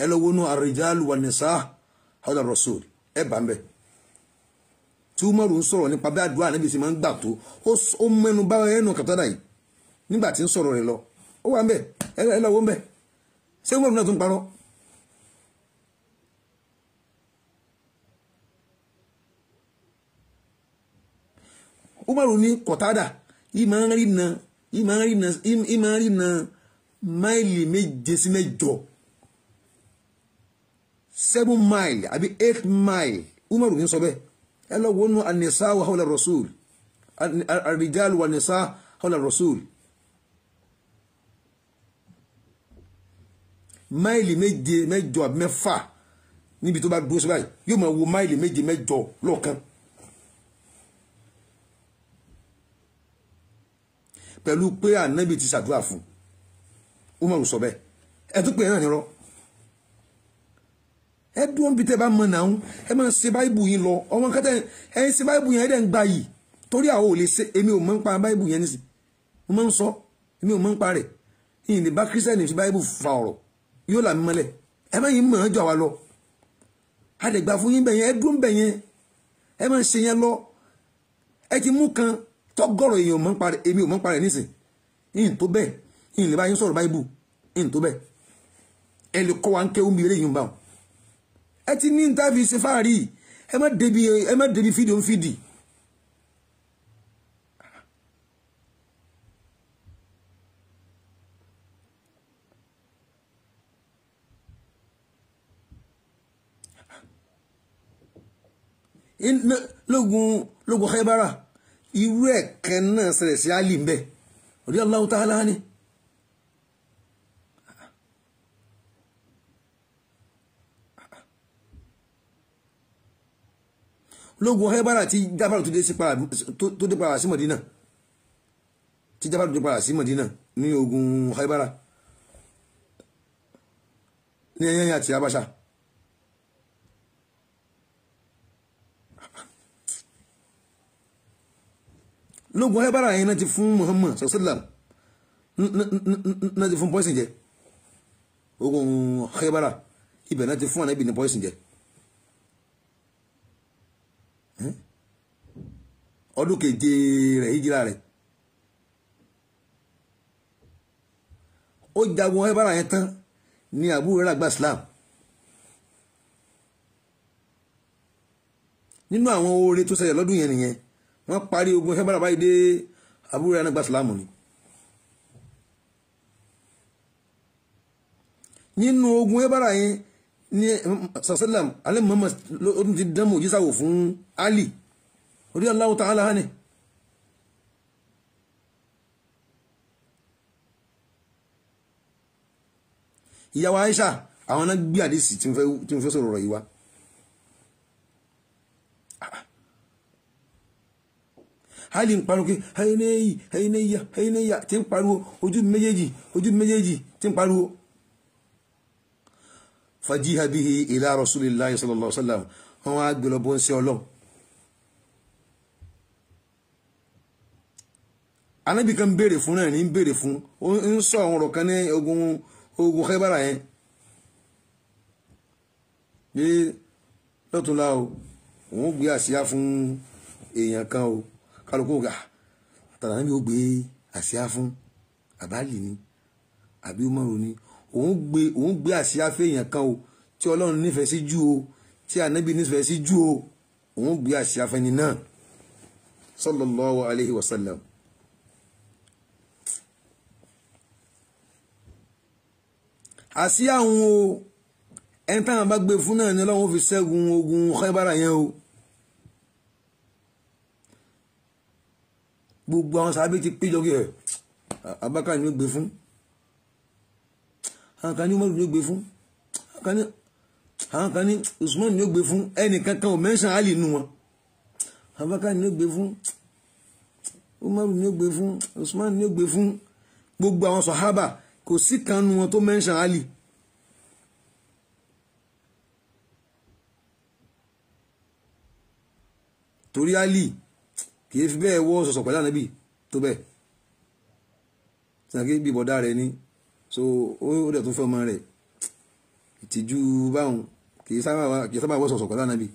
ẹ lọ wọnú àrèjálù wà nìsá ọ̀dà rasul ẹ bá ń bẹ̀. tí umaru ń sọ̀rọ̀ nípa bí àdúrà níbi tí máa ń gbà tó ó mẹ́nu bá ẹnu kàtàdà yìí nígbà tí ń sọ̀rọ̀ rẹ̀ lọ ó wà ń bẹ̀ ẹ lọ wọ́n bẹ̀ ṣé umaru náà tún parọ́. umaru ní kọ̀tádà yìí máa ń rí na yìí máa na máìlì méje sí mẹ́jọ seven mile àbí eight mile umaru ní sọ bẹ́ẹ̀ ẹ lọ wọnú anisa wa hawla rasul arijal wa nisa hawla rasul máìlì méje mẹ́jọ àbí mẹ́fà níbi tó bá dúró sí báyìí yóò máa wo máìlì méje mẹ́jọ lọ́ọ̀kan. pẹ̀lú pé ànábì ti ṣàdúrà fún umaru sọ ẹ tún pè é náà nírọ́ ẹ dúró níbi tẹ́ bá mọ̀ náà ẹ máa ṣe báìbù yín lọ ọmọ nǹkan tẹ́ ẹ ń ṣe báìbù yẹn ẹ dẹ̀ ń gbà yìí torí àwọn ò lè ṣe èmi ò mọ̀ ń pa báìbù yẹn nísìn mo máa ń sọ èmi ò mọ̀ ń pa rẹ̀ ìyìn lè bá kírísítẹ́nì fi báìbù fa ọ̀rọ̀ yóò là mí mọ́lẹ̀ ẹ má yín mọ̀ ọ́n jọ wa lọ a lè gbà fún yín bẹ̀yẹn ẹ dúró bẹ̀yẹn ẹ máa ṣe yẹn lọ ẹ ti mú kan tọ́gọ̀rọ̀ èèyàn ò mọ̀ ẹ ti ní níta fi ṣe fáàrí ẹ má débi ẹ má débi fídíò ń fídì. lógun lógun Khaybara irú ẹ̀ náà ṣẹlẹ̀ sí Ali ń bẹ̀ radiyallahu ta'ala ni. lógun Khaybar tí jábàrò tó dé padà sí Mọ̀dínà tí jábàrò tó dé padà sí Mọ̀dínà ní ogun Khaybar ní ẹyẹyẹ àti Abaṣa. lógun Khaybar yẹn náà ti fún Muhammad sọ̀sọ́dà náà ti fún pọ́ìsìn jẹ ogun Khaybar ibẹ̀ náà ti fún ànábì ní pọ́ìsìn jẹ. Hmm? ọdún keje rẹ̀ ìjìlá rẹ̀ ó jagun ẹbára yẹn tán ní àbúrò rẹ̀ àgbà Islam nínú àwọn oore tó ṣẹlẹ̀ lọ́dún yẹn nìyẹn wọ́n parí ogun ẹbára báyìí dé àbúrò rẹ̀ àgbà Islam ni. nínú ogun ẹbára yẹn ní sàṣẹ́làm alẹ́ mọ́mọ́ ó ti dán mòjísà wò fún Ali orí Allahu ta'ala ni ìyàwó Aisha àwọn náà gbé àdísì tí mo fẹ́ sọ̀rọ̀ yìí wá ń pariwo pé hayineyi hayineya hayineya ń pariwo ojú méjèèjì ojú méjèèjì tí ń pariwo fajiha bihi ila rasulillahi sallallahu alaihi wasallam wọn wá gbé lọ bó ń ṣe ọlọ́run. anábì kan béèrè fún náà ní ń béèrè fún ń sọ àwọn ọ̀rọ̀ kan ní ogun ogun Khaybara yẹn ní lọ́túnla o òun gbé àsíá fún èèyàn kan o kálukú gà ah, tàbí ó gbé àsíá fún àbálì ni àbí ó ni òun gbé òun gbé àsíá fèèyàn kan o tí ọlọ́run nífẹ̀ẹ́ sí jù o tí ànábì nífẹ̀ẹ́ sí jù o òun gbé àsíá fẹ́ni náà sallallahu alayhi wa sallam. àsíá àwọn o ẹni táwọn bá gbé fún náà ni ọlọ́run fi ṣẹ́gun ogun Khaybara yẹn o. gbogbo àwọn sábẹ́ ti péjọ kí ẹ abákàní ló gbé fún àwọn kan ní Umaru ló gbé fún àwọn kan ní Usman ló gbé fún ẹnìkan kan ò mẹ́sàn-án àlì nù wọn Abubakar ló gbé fún Umaru ló gbé fún Usman ló gbé fún gbogbo àwọn sàhábà kò sí kan nù wọn tó mẹ́sàn-án àlì. torí Ali kì í fi bẹ́ẹ̀ wọ́ sọ̀sọ̀ pẹ̀lú ànábì tó bẹ́ẹ̀ sàkébí bọ̀dá rẹ̀ ni so o dẹ̀ tún fẹ́ ọmọ re itiju báwọn kì í sábà wọ́ sọ̀sọ̀ pẹ̀lú ànábì.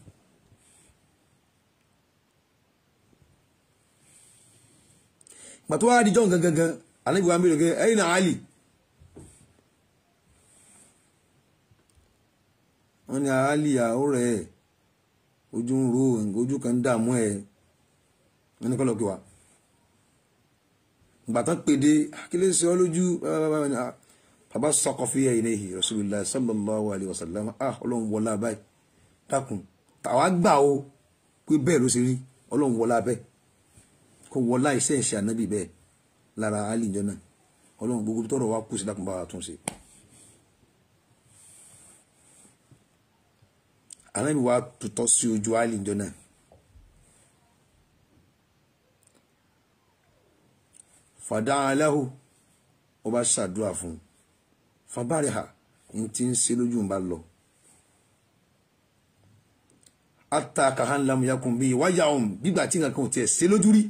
pàtó di john gangan gan wa ń bèrè gan ali wọ́n ali àó rẹ̀ ojú ń ro ojú kan dààmú ẹ̀ wọ́n ní kọ́ wa pèdè ah, bàbá sọkọ fi yẹ ilé yìí rasulillah sallallahu alayhi wa sallam ah ọlọ́run wọlá báyìí dákun tàwa gbà o pé bẹ́ẹ̀ ló ṣe rí ọlọ́run wọlá bẹ́ẹ̀ kó wọlá iṣẹ́ ìṣe ànábì bẹ́ẹ̀ lára alìjọ náà ọlọ́run gbogbo tọrọ wa kù sí dákun bá wa tún ṣe. ànábì wa tutọ́ sí ojú alìjọ náà. fàdá aláhù ó bá ṣàdúrà fún un fabariha n ti ń ṣe lójú ń lọ ata kahanlamu yakun bíi wáyà òun gbígbà tí nǹkan kan ò tiẹ̀ ṣe lójú rí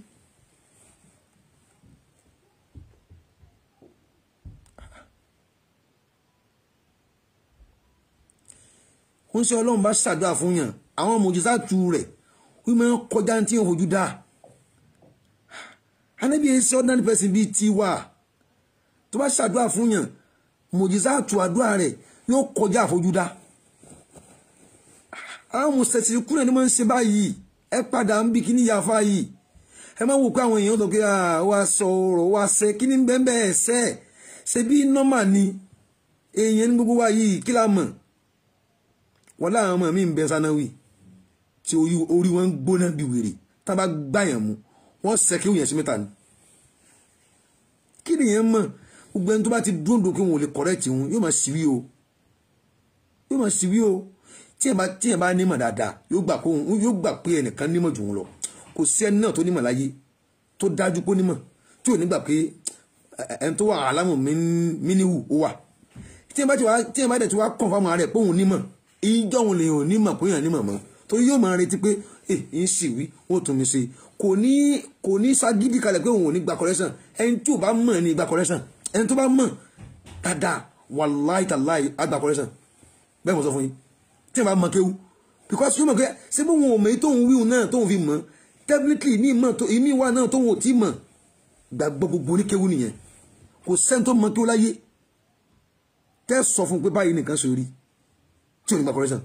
ó ń sọ ọlọ́run bá ṣàdúrà fún yàn àwọn mòjísàtù rẹ̀ wí máa ń kọjá tí ń hojú dáa anábìyẹn sọ ordinary person bíi tiwa tó bá ṣàdúrà fún yàn mùjísàtù àdúrà rẹ̀ yóò kọjá àfojúdá àwọn mùsẹ̀sì kúrẹ̀ ni wọ́n ń ṣe báyìí ẹ padà ń bí kíní yàfa yìí ẹ máa wò pé àwọn èèyàn tó kí wá sọ̀rọ̀ wá sẹ́ kíní bẹ́ẹ̀ ẹ̀sẹ̀ ṣe bí nọ́mà ni èèyàn ní gbogbo wa yìí kí la mọ̀ wọ́n láwọn ọmọ mi ń bẹ sanáwì tí orí wọn ń gbóná bí wèrè tá a bá gbàyàn mú kí òyìn ẹ̀sìn mẹ́ta ni kí nìyẹn mọ̀ gbogbo ẹni tó bá ti dúndùn kí wọn ò lè kọ̀rẹ́tì wọn yóò máa ṣìwí o yóò máa ṣìwí o tí ẹ bá tí ẹ bá nímọ̀ dáadáa yóò gbà pé òun yóò gbà pé ẹnìkan nímọ̀ jù wọn lọ kò sí ẹni náà tó nímọ̀ láyé tó dájú pé nímọ̀ tí ò ní gbà pé ẹni tó wà alámù mínìwù ó wà tí ẹ bá ti wá tí ẹ bá dẹ̀ ti wá kàn fáwọn ará ẹ̀ pé òun nímọ̀ ìjọ òun lèèyàn nímọ̀ pé èèyàn nímọ̀ mọ́ torí yóò máa retí pé ẹ ń sì wí wọn ò tún mi ṣe kò ní kò ní ságídí kalẹ̀ pé òun ò ní gba correction ẹni tí ò bá mọ̀ ní gba correction ẹni tó bá mọ̀ dáadáa wàláì tàláì àgbà correction bẹ́ẹ̀ mo sọ fún yín tí ìbá mọ̀ kéwu because yóò mọ̀ pé ṣé bí wọn ò mọ̀ èyí tóun wíwù náà tóun fi mọ̀ tẹ́bílítì ní ìmọ̀ tó ìmí wà náà tóun ò tí mọ̀ gbàgbọ́ gbogbo oníkéwu nìyẹn kò sẹ́ni tó mọ̀ kéwu láyé tẹ́ sọ fún pé báyìí nìkan ṣe rí tí ò ní gba correction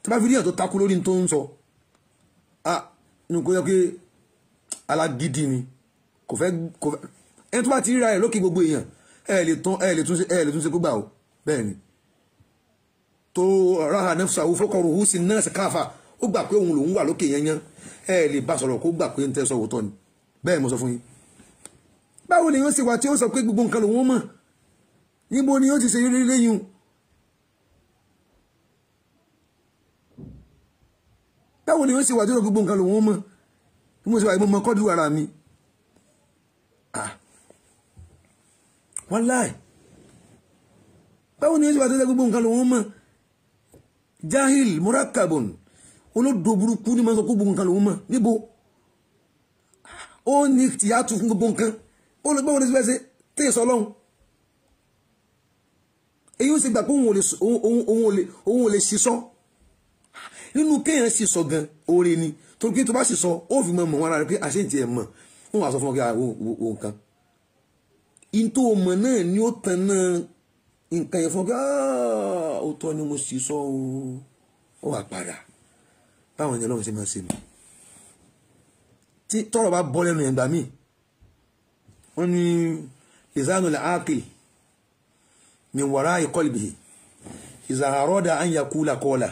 tí bá fi rí tó takú lórí tó ń sọ ah nǹkan yẹ pé alágídí ni kò ẹni tó bá ti ríra ẹ̀ lókè gbogbo èèyàn ẹ lè tún ẹ lè tún ẹ lè tún ṣe gbígbà o bẹ́ẹ̀ ni tó ráhà nẹ́fṣà wo fọ́kọ̀rọ̀ òhún sí nọ́ọ̀sì káfà ó gbà pé òun lòún wà lókè yẹn yẹn ẹ lè bá sọ̀rọ̀ kó gbà pé ń tẹ́ sọ òótọ́ ni bẹ́ẹ̀ mo sọ fún yín báwo lèyàn ṣe wà tí ó sọ pé gbogbo nǹkan lòun mọ̀ níbo ni ó ti ṣe rí lẹ́yìn báwo lèyàn ṣe wà tí ó sọ gbogbo nǹkan lòun mọ̀ níbo ṣe wà ìmọ̀ kọ́dù ara mi wàláì báwo ni yóò ṣe wà tó ṣe gbogbo nǹkan lòun mọ̀ jahil murakabun olódò burúkú ni máa sọ gbogbo nǹkan lòun mọ̀ níbo ó ní tìyàtú fún gbogbo nǹkan ó lọ báwo ni ṣe fẹ́ ṣe téèsọ ọlọ́run èyí ó sì gbà pé òun ò lè ṣiṣọ́ nínú kéèyàn ṣiṣọ́ gan oore ni torí pé tó bá ṣiṣọ́ ó fi mọ̀ mọ̀ wọn ara rẹ̀ pé àṣẹ ìtì ẹ̀ mọ̀ wọn wà sọ fún ọ kí àwọn nǹkan Into tó mọ̀ náà ni ó tan náà nǹkan yẹn fún pé ah, ó tọ́ ni mo sì sọ o ó wà padà báwọn ènìyàn lọ́wọ́ ṣe máa ṣe nù tí tọ́rọ̀ bá bọ́ lẹ́nu ẹ̀gbà míì wọ́n ní ìzánu làákè mi wàrà ìkọlùbì ìzàhàrọ́dà ànyàkúlà kọ́là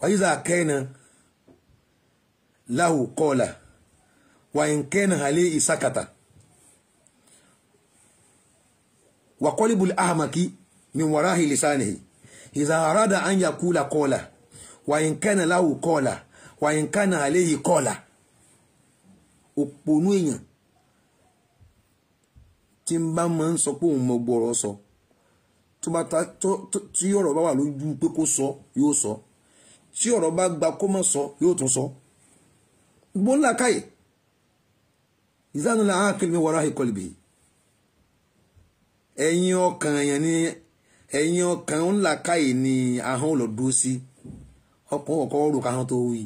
wàyíza kẹ́nà láhù kọ́là wàyínkẹ́nà hàlẹ́ ìsàkàtà. وقلب الأعمق من وراء لسانه إذا أراد أن يقول قولا وإن كان له قولا وإن كان عليه قولا òpònú èèyàn tí ń bá máa ń sọ pé òun mọ gbọ́rọ̀ sọ tí ọ̀rọ̀ bá wà lójú pé kó sọ yóò sọ tí ọ̀rọ̀ bá gba kó má sọ yóò tún sọ gbọ́n làkàyè ìzánulà ákìlì mi wọ́n ráhìí kọlìbì ẹ̀yin ọkàn èèyàn ni ẹ̀yin ọkàn ńlá káyè ni ahọ́n lọ dúró sí ọkàn ọkọ̀ ọ̀rọ̀ kan tó wí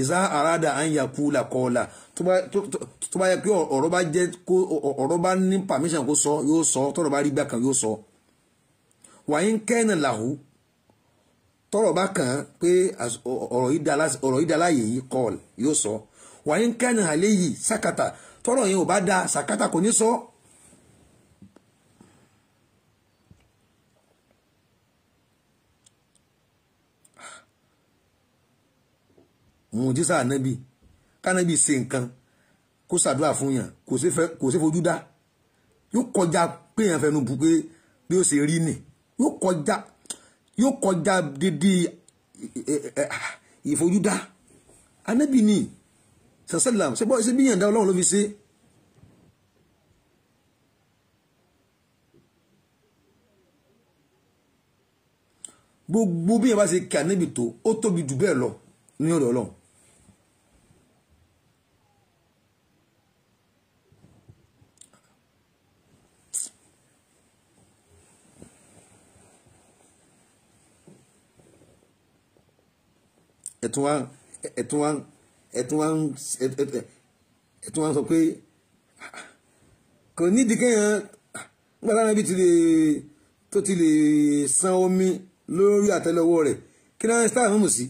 ìsá àràdà àyà kúlà kọ́ọ̀là tó bá yẹ pé ọ̀rọ̀ bá jẹ́ kó ọ̀rọ̀ bá ní permission kó sọ yóò sọ tọ́rọ̀ bá rí gbà kan yóò sọ wàyí ń kẹ́ẹ̀nà làwù tọ́rọ̀ bá kàn án pé ọ̀rọ̀ yìí da láàyè yìí kọ́ọ̀l yóò sọ wàyí ń kẹ́ẹ̀nà àléyìí sákàtà tọ́rọ̀ yẹn ò bá da sàkàtà kò ní sọ. mùjísà ànábì kánábì ṣe nǹkan kó ṣàdúrà fún yàn kò sí fojú dá yóò kọjá pé yàn fẹnu bù pé bí ó ṣe rí nì yóò kọjá yóò kọjá dídí ìfojúdá ànábì ni sàṣẹlám ṣe bọ́ ṣe bí yàn dá ọlọ́run ló fi ṣe. gbogbo bí yẹn bá ṣe kí ànábì tó ó tóbi jù bẹ́ẹ̀ lọ ní ọ̀dọ̀ ọlọ́run ẹ̀tún wá ẹ̀tún wá ẹ̀tún wá ẹ̀tún wá sọ pé kò nídìí kéèyàn nígbà táwọn ibi tó ti lè san omi lórí àtẹ́lẹwọ́ rẹ̀ kí náà ń sáà mú sí.